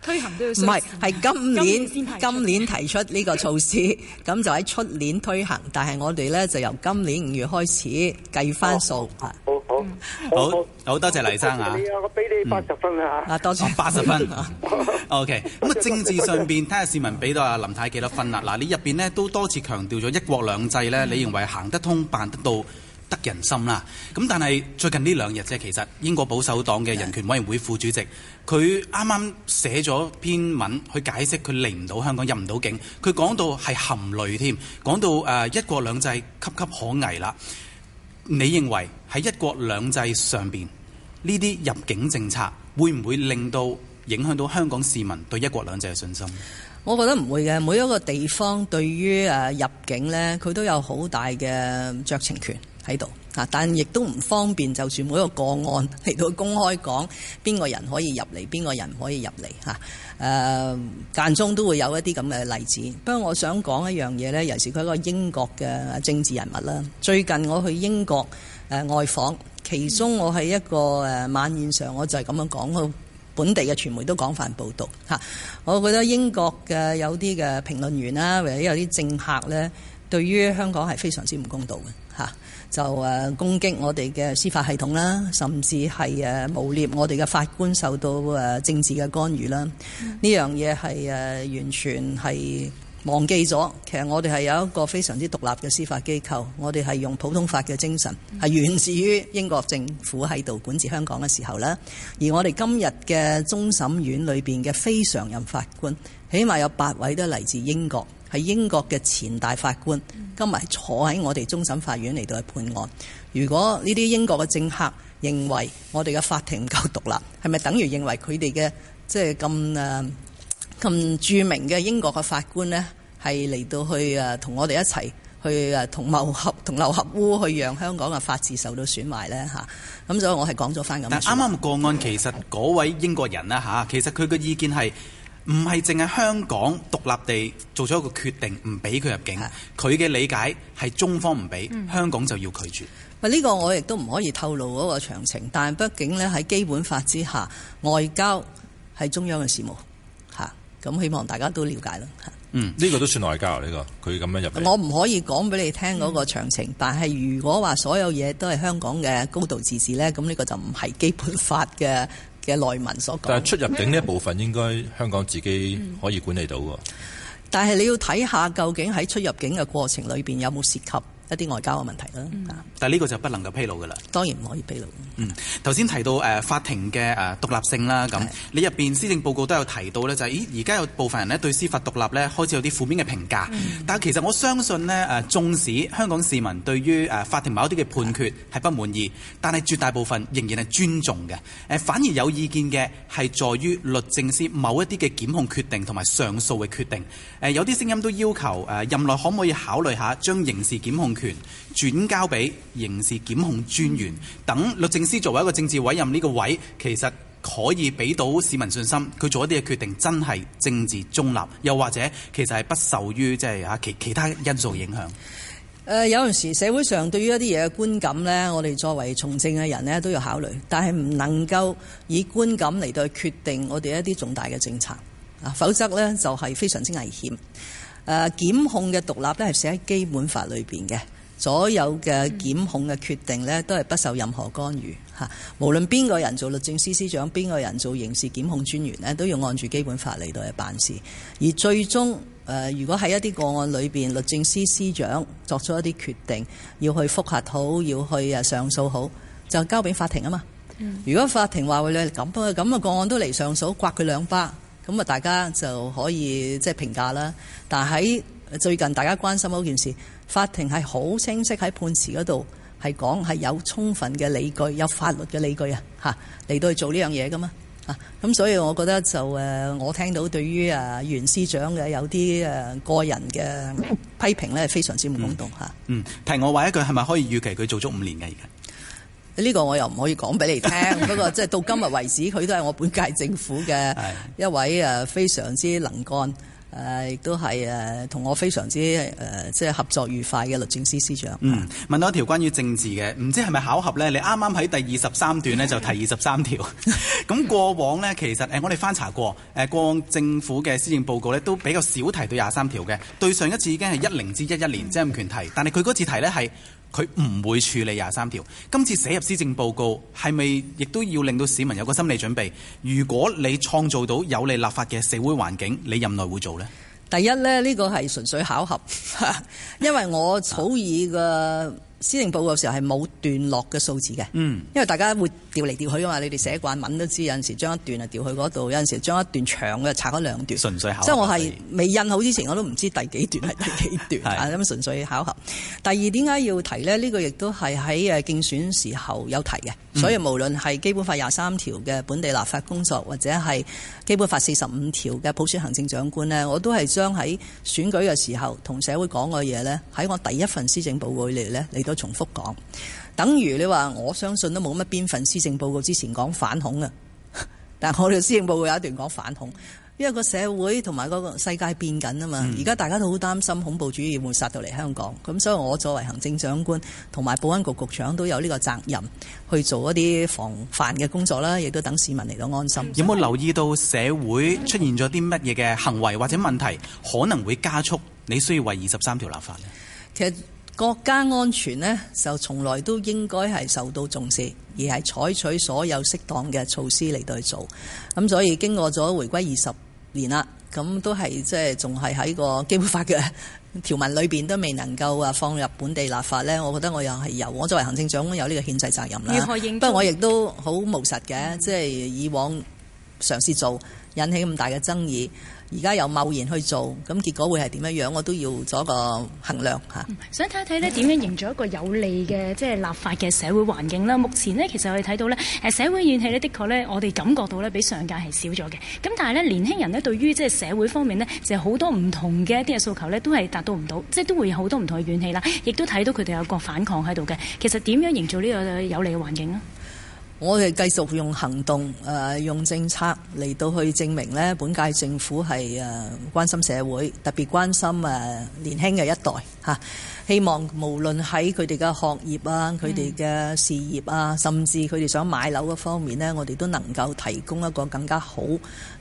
推行都要先。唔係，係今年，今年提出呢個措施，咁就喺出年推行。但係我哋咧，就由今年五月開始計翻數啊。好好，好多謝黎生啊！我俾你八十分啊、嗯！啊，多謝八十、哦、分 OK 咁啊， okay, 政治上面睇下市民俾到阿林太幾多分啦、啊？嗱，你入面呢都多次強調咗一國兩制呢，嗯、你認為行得通、辦得到、得人心啦、啊？咁但係最近兩呢兩日啫，其實英國保守黨嘅人權委員會副主席，佢啱啱寫咗篇文去解釋佢嚟唔到香港、入唔到境，佢講到係含淚添，講到、啊、一國兩制岌岌可危啦。你認為喺一國兩制上面，呢啲入境政策會唔會令到影響到香港市民對一國兩制嘅信心？我覺得唔會嘅，每一個地方對於、啊、入境呢，佢都有好大嘅酌情權喺度。但亦都唔方便，就算每一個個案嚟到公開講，邊個人可以入嚟，邊個人唔可以入嚟嚇。呃、間中都會有一啲咁嘅例子。不過我想講一樣嘢呢，尤其是佢係一個英國嘅政治人物啦。最近我去英國外訪，其中我喺一個、呃、晚宴上，我就係咁樣講，到本地嘅傳媒都廣泛報道。我覺得英國嘅有啲嘅評論員啦，或者有啲政客呢，對於香港係非常之唔公道嘅嚇。就誒攻擊我哋嘅司法系統啦，甚至係誒污蔑我哋嘅法官受到誒政治嘅干預啦。呢、嗯、樣嘢係誒完全係忘記咗。其實我哋係有一個非常之獨立嘅司法機構，我哋係用普通法嘅精神，係源自於英國政府喺度管治香港嘅時候啦。而我哋今日嘅終審院裏面嘅非常任法官，起碼有八位都嚟自英國。係英國嘅前大法官，今日坐喺我哋終審法院嚟到去判案。如果呢啲英國嘅政客認為我哋嘅法庭唔夠獨立，係咪等於認為佢哋嘅即係咁咁著名嘅英國嘅法官呢？係嚟到去同、啊、我哋一齊去同謀、啊、合同流合污，去讓香港嘅法治受到損壞咧？咁、啊、所以我，我係講咗翻咁。但啱啱個案其實嗰位英國人啦、啊、其實佢嘅意見係。唔係淨係香港獨立地做咗一個決定，唔俾佢入境。佢嘅理解係中方唔俾，嗯、香港就要拒絕。呢個我亦都唔可以透露嗰個詳情，但係畢竟呢，喺基本法之下，外交係中央嘅事務，吓。咁希望大家都了解啦。嗯，呢、這個都算外交呢、這個，佢咁樣入。我唔可以講俾你聽嗰個詳情，嗯、但係如果話所有嘢都係香港嘅高度自治呢，咁呢個就唔係基本法嘅。 嘅內文所講，但係出入境呢一部分應該香港自己可以管理到㗎、嗯。但係你要睇下究竟喺出入境嘅過程裏邊有冇涉及一啲外交嘅問題啦，嗯、但係呢個就不能夠披露嘅啦。當然唔可以披露。嗯，頭先提到誒、呃、法庭嘅誒、呃、獨立性啦，咁的你入邊施政報告都有提到咧，就係、是、咦而家有部分人咧對司法獨立咧開始有啲負面嘅評價。嗯、但係其實我相信呢，誒、呃、縱使香港市民對於誒、呃、法庭某一啲嘅判決係不滿意，的但係絕大部分仍然係尊重嘅。誒、呃、反而有意見嘅係在於律政司某一啲嘅檢控決定同埋上訴嘅決定。誒、呃、有啲聲音都要求誒、呃、任內可唔可以考慮下將刑事檢控。權轉交俾刑事檢控專員等律政司作為一個政治委任呢個位，其實可以俾到市民信心，佢做一啲嘅決定真係政治中立，又或者其實係不受於即係吓其其他因素影響。呃、有陣時社會上對於一啲嘢嘅觀感呢，我哋作為從政嘅人呢都有考慮，但係唔能夠以觀感嚟到決定我哋一啲重大嘅政策啊，否則呢就係非常之危險。誒檢控嘅獨立咧係寫喺基本法裏面嘅，所有嘅檢控嘅決定咧都係不受任何干預嚇，無論邊個人做律政司司長，邊個人做刑事檢控專員咧都要按住基本法嚟到去辦事。而最終、呃、如果喺一啲個案裏面，律政司司長作出一啲決定，要去複核好，要去上訴好，就交俾法庭啊嘛。嗯、如果法庭話會略咁，不咁嘅個案都嚟上訴，刮佢兩巴。咁啊，大家就可以即係評價啦。但係喺最近大家關心嗰件事，法庭係好清晰喺判詞嗰度係講係有充分嘅理據，有法律嘅理據啊，嚇嚟到去做呢樣嘢嘅嘛。嚇咁所以我覺得就誒，我聽到對於啊袁司長嘅有啲誒個人嘅批評咧，非常之唔公道嚇、嗯。嗯，提我話一句，係咪可以預期佢做足五年嘅？而家？呢個我又唔可以講俾你聽，不過即係到今日為止，佢都係我本屆政府嘅一位非常之能幹，誒、呃、亦都係誒同我非常之誒即係合作愉快嘅律政司司長。嗯，問到一條關於政治嘅，唔知係咪巧合呢？你啱啱喺第二十三段呢就提二十三條，咁 過往呢，其實、呃、我哋翻查過誒、呃、過往政府嘅施政報告呢都比較少提到廿三條嘅，對上一次已經係一零至一一年曾蔭權提，但係佢嗰次提呢係。佢唔會處理廿三條，今次寫入施政報告係咪亦都要令到市民有個心理準備？如果你創造到有利立法嘅社會環境，你任內會做呢？第一呢，呢個係純粹巧合，因為我草擬嘅。 施政報告時候係冇段落嘅數字嘅，嗯、因為大家會調嚟調去啊嘛，你哋寫慣文都知有陣時將一段啊調去嗰度，有陣時將一段長嘅拆咗兩段，純粹考即係我係未印好之前我都唔知第幾段係第幾段，咁是是純粹考核第二，點解要提呢？呢、呢個亦都係喺競選時候有提嘅，所以無論係基本法廿三條嘅本地立法工作，或者係基本法四十五條嘅普選行政長官呢，我都係將喺選舉嘅時候同社會講嘅嘢呢。喺我第一份施政報告裏呢。都重複講，等於你話我相信都冇乜邊份施政報告之前講反恐啊，但係我哋施政報告有一段講反恐，因為個社會同埋個世界變緊啊嘛，而家大家都好擔心恐怖主義會殺到嚟香港，咁所以我作為行政長官同埋保安局局長都有呢個責任去做一啲防範嘅工作啦，亦都等市民嚟到安心。有冇留意到社會出現咗啲乜嘢嘅行為或者問題，可能會加速你需要為二十三條立法呢？其實，國家安全呢，就從來都應該係受到重視，而係採取所有適當嘅措施嚟到去做。咁所以經過咗回歸二十年啦，咁都係即係仲係喺個基本法嘅條文裏面都未能夠啊放入本地立法呢。我覺得我又係由我作為行政長官有呢個憲制責任啦。如何認？不過我亦都好務實嘅，即係以往嘗試做，引起咁大嘅爭議。而家又貿然去做，咁結果會係點樣樣？我都要做一個衡量吓、嗯。想睇一睇咧，點樣營造一個有利嘅即係立法嘅社會環境啦？目前呢，其實我哋睇到呢社會怨氣呢，的確呢，我哋感覺到呢，比上屆係少咗嘅。咁但係呢，年輕人呢，對於即係社會方面呢，就係好多唔同嘅一啲嘅訴求呢，都係達到唔到，即、就、係、是、都會有好多唔同嘅怨氣啦。亦都睇到佢哋有一個反抗喺度嘅。其實點樣營造呢個有利嘅環境咧？我哋繼續用行動，呃、用政策嚟到去證明呢，本屆政府係誒、呃、關心社會，特別關心、呃、年輕嘅一代、啊、希望無論喺佢哋嘅學業啊、佢哋嘅事業啊，嗯、甚至佢哋想買樓嗰方面呢，我哋都能夠提供一個更加好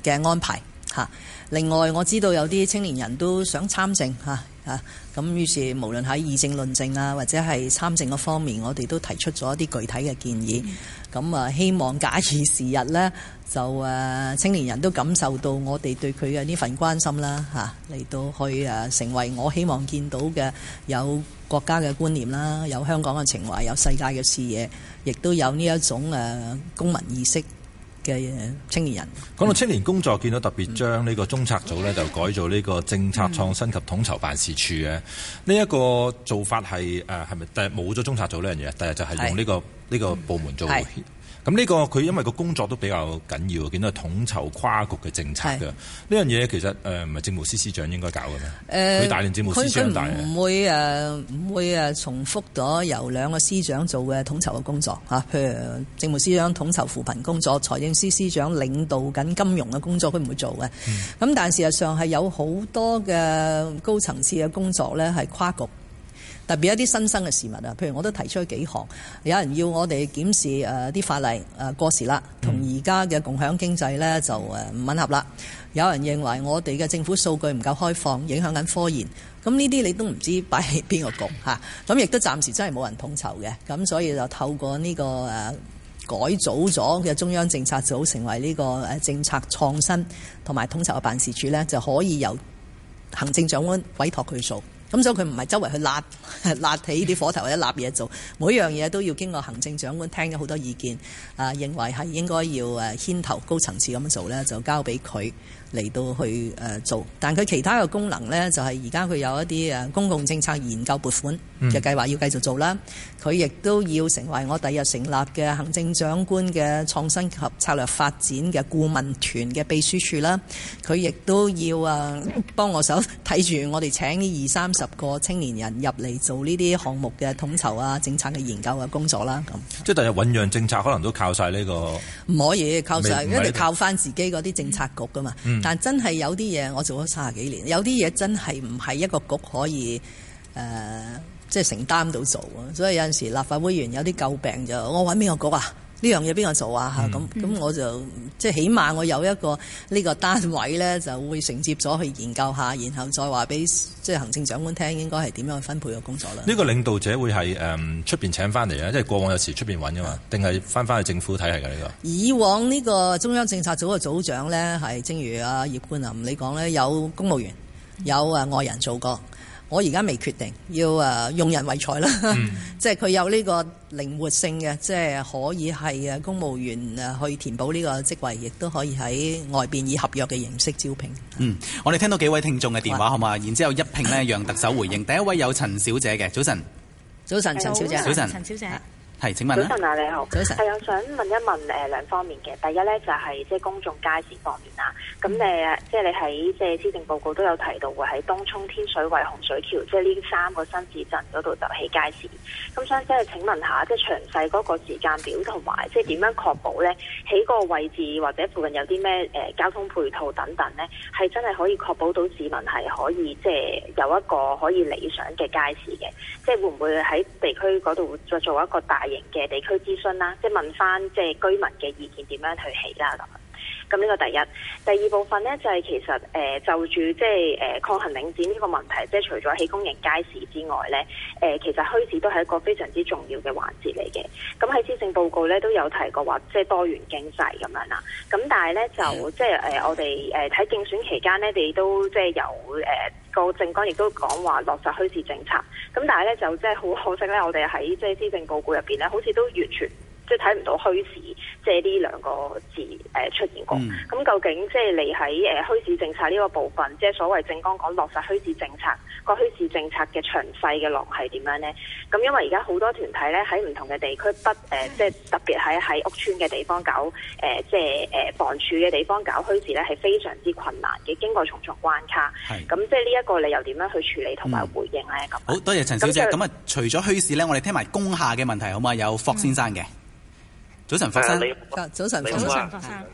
嘅安排、啊、另外，我知道有啲青年人都想參政、啊。嚇！咁、啊、於是無論喺議政論政啦、啊，或者係參政嘅方面，我哋都提出咗一啲具體嘅建議。咁啊，希望假以時日呢，就誒、啊、青年人都感受到我哋對佢嘅呢份關心啦、啊。嚇、啊！嚟到去誒、啊、成為我希望見到嘅有國家嘅觀念啦，有香港嘅情懷，有世界嘅視野，亦都有呢一種誒、啊、公民意識。嘅青年人，講、嗯、到青年工作，見到特別將呢個中策組呢，就改做呢個政策創新及統籌辦事處。嘅、嗯。呢一個做法係，誒係咪？但係冇咗中策組呢樣嘢，但係就係用呢、呢個呢是個部門做。咁呢個佢因為個工作都比較緊要，見到係統籌跨局嘅政策嘅呢是樣嘢，其實誒唔係政務司司長應該搞嘅咩？誒、呃，佢帶領政務司司長帶嘅。唔會誒唔是、啊、會誒重複咗由兩個司長做嘅統籌嘅工作嚇。譬如政務司長統籌扶貧工作，財政司司長領導緊金融嘅工作，佢唔會做嘅。咁、嗯、但事實上係有好多嘅高層次嘅工作咧，係跨局。特別一啲新生嘅事物啊，譬如我都提出幾項，有人要我哋檢視啲法例誒過時啦，同而家嘅共享經濟呢就唔吻合啦。有人認為我哋嘅政府數據唔夠開放，影響緊科研。咁呢啲你都唔知擺喺邊個局嚇。咁、啊、亦都暫時真係冇人統籌嘅。咁所以就透過呢個誒改組咗嘅中央政策組，就成為呢個政策創新同埋統籌嘅辦事處呢，就可以由行政長官委託佢做。咁、嗯、所以佢唔係周圍去揦揦起啲火頭，或者揦嘢做，每樣嘢都要經過行政長官聽咗好多意見，啊認為係應該要誒牽頭高層次咁做咧，就交俾佢嚟到去誒做。但佢其他嘅功能咧，就係而家佢有一啲誒公共政策研究撥款嘅計劃要繼續做啦。嗯佢亦都要成為我第日成立嘅行政長官嘅創新及策略發展嘅顧問團嘅秘書處啦。佢亦都要啊幫我手睇住我哋請呢二三十個青年人入嚟做呢啲項目嘅統籌啊、政策嘅研究啊、工作啦。咁即係第日醞釀政策，可能都靠晒呢個。唔可以靠晒，一定靠翻自己嗰啲政策局噶嘛。嗯、但真係有啲嘢我做咗三十幾年，有啲嘢真係唔係一個局可以誒。呃即係承擔到做啊，所以有陣時立法會議員有啲詬病就，我搵邊個局啊？呢樣嘢邊個做啊？咁咁、嗯、我就即係起碼我有一個呢、呢個單位咧就會承接咗去研究下，然後再話俾即係行政長官聽應該係點樣去分配個工作啦。呢個領導者會係誒出面請翻嚟啊？即係過往有時出面搵噶嘛，定係翻翻去政府體系嘅呢個？以往呢個中央政策組嘅組長咧係正如啊葉冠林你講咧，有公務員有外人做過。嗯我而家未決定要誒用人唯才啦，嗯、即係佢有呢個靈活性嘅，即係可以係公務員去填補呢個職位，亦都可以喺外邊以合約嘅形式招聘。嗯，我哋聽到幾位聽眾嘅電話，哇好嘛，然之後一拼呢，讓特首回應。第一位有陳小姐嘅，早晨，早晨，陳小姐，早晨，陳小姐。晨係，請問啦，啊。早晨啊，你好。早晨上，我想問一問誒兩方面嘅。第一咧就係即係公眾街市方面啦。咁誒，即、就、係、是、你喺即係施政報告都有提到，會喺東涌天水圍洪水橋，即係呢三個新市鎮嗰度就起街市。咁所以即係請問下，即係詳細嗰個時間表同埋即係點樣確保咧？喺個位置或者附近有啲咩誒交通配套等等咧，係真係可以確保到市民係可以即係、就是、有一個可以理想嘅街市嘅。即、就、係、是、會唔會喺地區嗰度再做一個大型嘅地區諮詢啦，即係問翻即係居民嘅意見點樣去起啦咁。咁呢個第一，第二部分呢，就係、是、其實誒、呃、就住即係誒、呃、抗衡領展呢個問題，即係除咗起公營街市之外呢，誒、呃、其實墟市都係一個非常之重要嘅環節嚟嘅。咁喺施政報告呢，都有提過話，即係多元經濟咁樣啦。咁但係呢，就即係、呃、我哋誒喺競選期間呢，哋都即係由誒個政綱亦都講話落實墟市政策。咁但係呢，就即係好可惜呢我哋喺即係施政報告入面呢，好似都完全。即係睇唔到墟市，即係呢兩個字誒出現過。咁、嗯、究竟即係你喺誒墟市政策呢個部分，即、就、係、是、所謂政綱講落實墟市政策，個墟市政策嘅詳細嘅落係點樣呢？咁因為而家好多團體咧喺唔同嘅地區不誒，即係、嗯、特別係喺屋邨嘅地方搞誒，即係誒房署嘅地方搞墟市咧，係非常之困難嘅，經過重重關卡。咁即係呢一個你又點樣去處理同埋回應咧？咁、嗯、好多謝陳小姐。咁啊就，除咗墟市咧，我哋聽埋工廈嘅問題好嘛？有霍先生嘅。早晨，早晨，早晨，早晨山。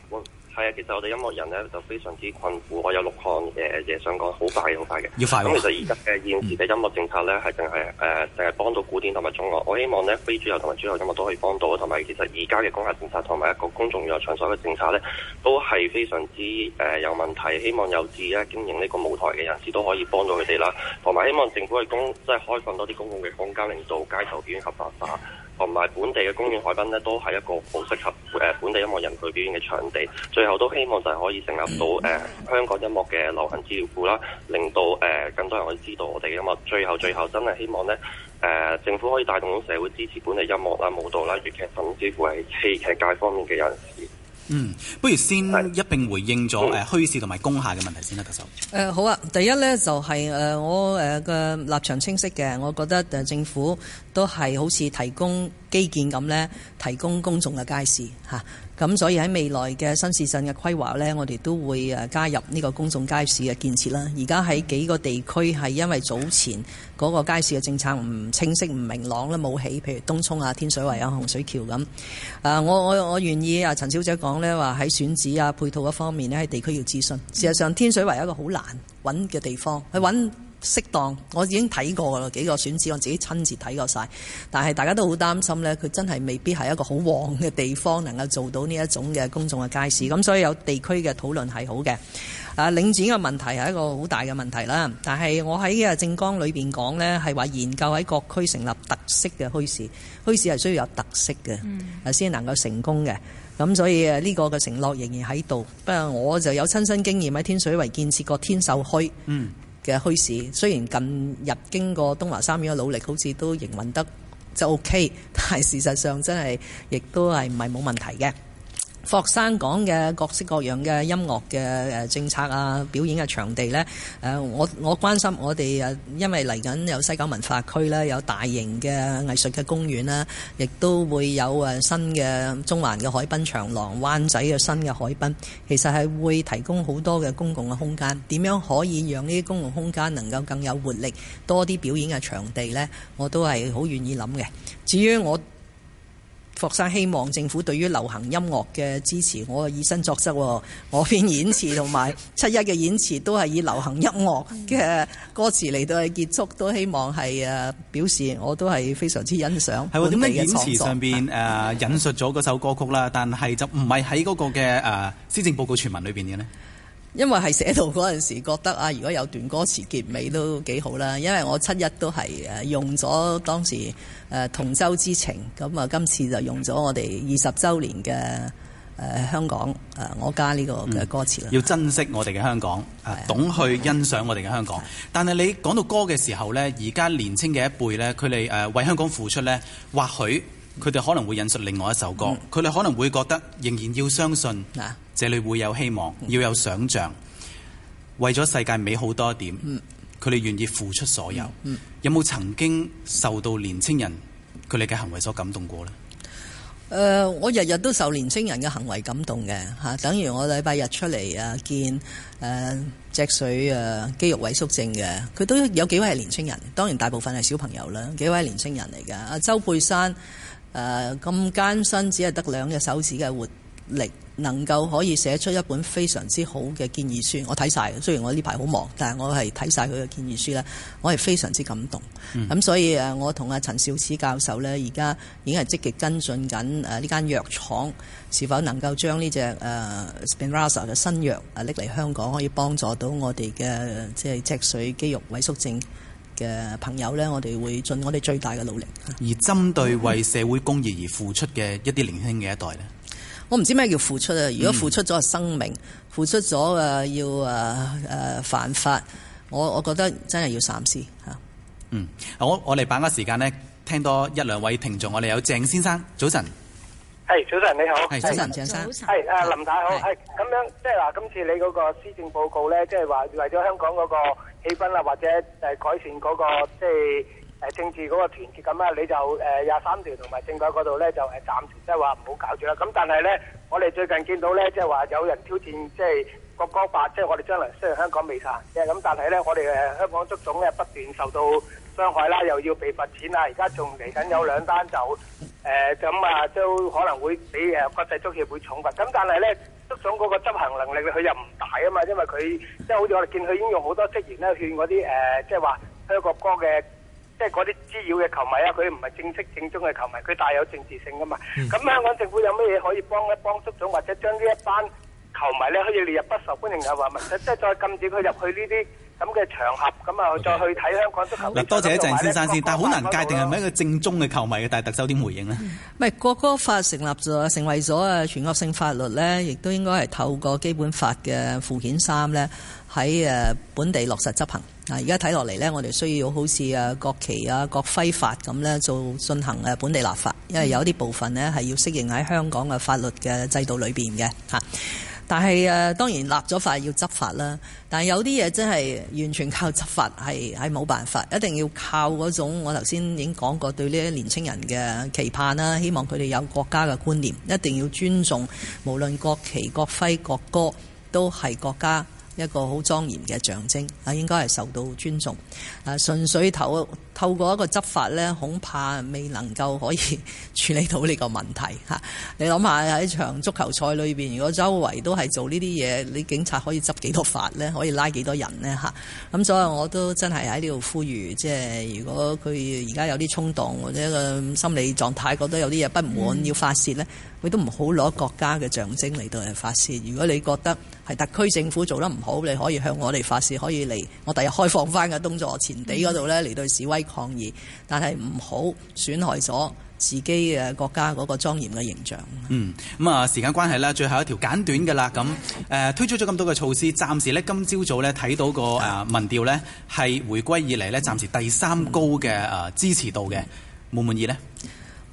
係啊，其實我哋音樂人咧就非常之困苦，我有六項誒嘢想講，好快嘅，好快嘅。要快。咁其實而家嘅現時嘅音樂政策咧，係淨係誒淨係幫到古典同埋中樂。我希望咧非主流同埋主流音樂都可以幫到。同埋其實而家嘅公契政策同埋一個公眾娛樂場所嘅政策咧，都係非常之誒、呃、有問題。希望有志咧經營呢個舞台嘅人士都可以幫到佢哋啦。同埋希望政府去公即係、就是、開放多啲公共嘅空間，令到街頭表演合法化。同埋本地嘅公園海濱咧，都係一個好適合、呃、本地音樂人去表演嘅場地。最後都希望就係可以成立到、呃、香港音樂嘅流行資料庫啦，令到、呃、更多人可以知道我哋嘅音樂。最後最後真係希望咧、呃、政府可以帶動到社會支持本地音樂啦、舞蹈啦、粵劇甚至乎係戲劇界方面嘅人士。嗯，不如先一併回應咗誒墟市同埋公下嘅問題先啦，特首、呃。誒好啊，第一咧就係、是、誒、呃、我誒嘅、呃、立場清晰嘅，我覺得、呃、政府都係好似提供基建咁咧，提供公眾嘅街市。啊咁所以喺未來嘅新市鎮嘅規劃呢，我哋都會誒加入呢個公眾街市嘅建設啦。而家喺幾個地區係因為早前嗰個街市嘅政策唔清晰、唔明朗咧，冇起，譬如東涌啊、天水圍啊、洪水橋咁。誒，我我我願意啊，陳小姐講呢話喺選址啊、配套嗰方面呢，喺地區要諮詢。事實上，天水圍一個好難揾嘅地方去揾。適當，我已經睇過啦幾個選址，我自己親自睇過晒。但係大家都好擔心呢，佢真係未必係一個好旺嘅地方，能夠做到呢一種嘅公眾嘅街市。咁所以有地區嘅討論係好嘅。啊，領展嘅問題係一個好大嘅問題啦。但係我喺啊政綱裏面講呢，係話研究喺各區成立特色嘅墟市，墟市係需要有特色嘅，先、嗯、能夠成功嘅。咁所以呢個嘅承諾仍然喺度。不過我就有親身經驗喺天水圍建設過天秀墟。嗯。嘅墟市，雖然近日經過東華三院嘅努力，好似都營運得就 OK，但係事實上真係亦都係唔係冇問題嘅。霍生講嘅各式各樣嘅音樂嘅政策啊，表演嘅場地咧，誒，我我關心我哋誒，因為嚟緊有西九文化區啦，有大型嘅藝術嘅公園啦，亦都會有誒新嘅中環嘅海濱長廊、灣仔嘅新嘅海濱，其實係會提供好多嘅公共嘅空間。點樣可以讓呢啲公共空間能夠更有活力，多啲表演嘅場地咧？我都係好願意諗嘅。至於我，霍生希望政府對於流行音樂嘅支持，我以身作則。我篇演辭同埋七一嘅演辭都係以流行音樂嘅歌詞嚟到去結束，都希望係誒表示，我都係非常之欣賞的。係喎，點解演辭上邊誒、呃、引述咗嗰首歌曲啦？但係就唔係喺嗰個嘅誒施政報告傳聞裏邊嘅呢。因為係寫到嗰陣時，覺得啊，如果有段歌詞結尾都幾好啦。因為我七一都係用咗當時同舟之情，咁啊今次就用咗我哋二十週年嘅、呃、香港我家呢個嘅歌詞啦、嗯。要珍惜我哋嘅香港，的懂去欣賞我哋嘅香港。是是但係你講到歌嘅時候呢，而家年輕嘅一輩呢，佢哋為香港付出呢，或許。佢哋可能會引述另外一首歌，佢哋、嗯、可能會覺得仍然要相信，嗱、啊，這裡會有希望，嗯、要有想像，為咗世界美好多一點，嗯，佢哋願意付出所有。嗯嗯、有冇曾經受到年青人佢哋嘅行為所感動過呢？誒、呃，我日日都受年青人嘅行為感動嘅、啊、等於我禮拜日出嚟啊，見誒脊髓啊肌肉萎縮症嘅，佢都有幾位係年青人，當然大部分係小朋友啦，幾位係年青人嚟嘅，阿周佩珊。誒咁艱辛，只係得兩隻手指嘅活力，能夠可以寫出一本非常之好嘅建議書。我睇晒，雖然我呢排好忙，但係我係睇晒佢嘅建議書呢，我係非常之感動。咁、嗯啊、所以我同阿陳肇始教授咧，而家已經係積極跟進緊誒呢間藥廠是否能夠將呢隻誒、呃、Spinraza 嘅新藥拎嚟香港，可以幫助到我哋嘅即係脊髓肌肉萎縮症。嘅朋友呢，我哋會盡我哋最大嘅努力。而針對為社會公義而付出嘅一啲年輕嘅一代呢、嗯、我唔知咩叫付出啊！如果付出咗生命，嗯、付出咗要誒誒、啊啊、犯法，我我覺得真係要三思、啊、嗯，好我我哋把握時間呢，聽多一兩位聽眾。我哋有鄭先生，早晨。係，早晨你好。係，早晨，張先生。係，誒，林太好。係，咁樣，即係話今次你嗰個施政報告咧，即係話為咗香港嗰個氣氛啦，或者誒改善嗰個即係誒政治嗰個團結咁啊，你就誒廿三條同埋政改嗰度咧就誒暫時即係話唔好搞住啦。咁但係咧，我哋最近見到咧，即係話有人挑戰即係國歌法，即係我哋將來雖然香港未散，即係咁，但係咧我哋誒香港足總咧不斷受到。傷害啦，又要被罰錢啦，而家仲嚟緊有兩單就誒咁啊，都、呃呃、可能會俾誒、呃、國際足協會重罰。咁但係咧，足總嗰個執行能力佢又唔大啊嘛，因為佢即係好似我哋見佢已經用好多職員咧勸嗰啲誒，即係話香港國嘅即係嗰啲滋擾嘅球迷啊，佢唔係正式正宗嘅球迷，佢帶有政治性噶嘛。咁、嗯、香港政府有咩嘢可以幫一幫足總，或者將呢一班球迷咧可以列入不受歡迎嘅話即係再禁止佢入去呢啲，咁嘅場合，咁啊再去睇香港足球嗱，Okay. 求求多謝一鄭先生先，國國但係好難界定係咪一個正宗嘅球迷嘅。但係特首點回應呢？唔係、嗯、國歌法成立咗，成為咗啊全國性法律呢，亦都應該係透過基本法嘅附件三呢喺本地落實執行。啊，而家睇落嚟呢，我哋需要好似國旗啊、國徽法咁呢做進行本地立法，因為有啲部分呢係要適應喺香港嘅法律嘅制度裏邊嘅吓。但係當然立咗法要執法啦。但係有啲嘢真係完全靠執法係係冇辦法，一定要靠嗰種我頭先已經講過對呢啲年青人嘅期盼啦。希望佢哋有國家嘅觀念，一定要尊重，無論國旗、國徽、國歌都係國家一個好莊嚴嘅象徵，啊應該係受到尊重。啊純粹頭，透過一個執法呢，恐怕未能夠可以處理到呢個問題嚇。你諗下喺場足球賽裏邊，如果周圍都係做呢啲嘢，你警察可以執幾多法呢？可以拉幾多人呢？嚇！咁所以我都真係喺呢度呼籲，即係如果佢而家有啲衝動或者個心理狀態覺得有啲嘢不滿要發泄呢，佢、嗯、都唔好攞國家嘅象徵嚟到嚟發泄。如果你覺得係特區政府做得唔好，你可以向我哋發泄，可以嚟我第日開放翻嘅東座前地嗰度呢，嚟對示威。嗯抗議，但係唔好損害咗自己嘅國家嗰個莊嚴嘅形象。嗯，咁、嗯、啊，時間關係啦，最後一條簡短㗎啦。咁誒、呃，推出咗咁多嘅措施，暫時咧今朝早咧睇到個誒民調咧係回歸以嚟咧暫時第三高嘅誒、嗯啊、支持度嘅，滿唔滿意咧？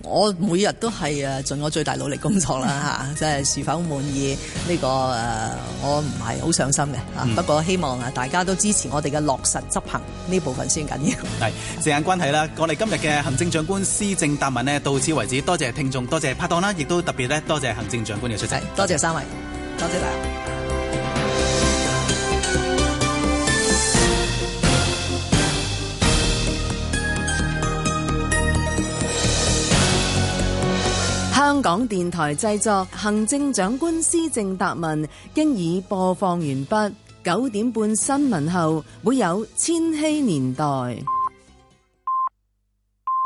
我每日都係誒盡我最大努力工作啦嚇，即係 是，是否滿意呢、呢個誒、呃，我唔係好上心嘅、嗯、不過希望啊，大家都支持我哋嘅落實執行呢部分先緊要是。係時間關係啦，我哋今日嘅行政長官施政答問到此為止。多謝聽眾，多謝拍檔啦，亦都特別咧多謝行政長官嘅出席。多謝三位，多謝啦。香港電台製作《行政長官施政答問》經已播放完畢。九點半新聞後會有《千禧年代》。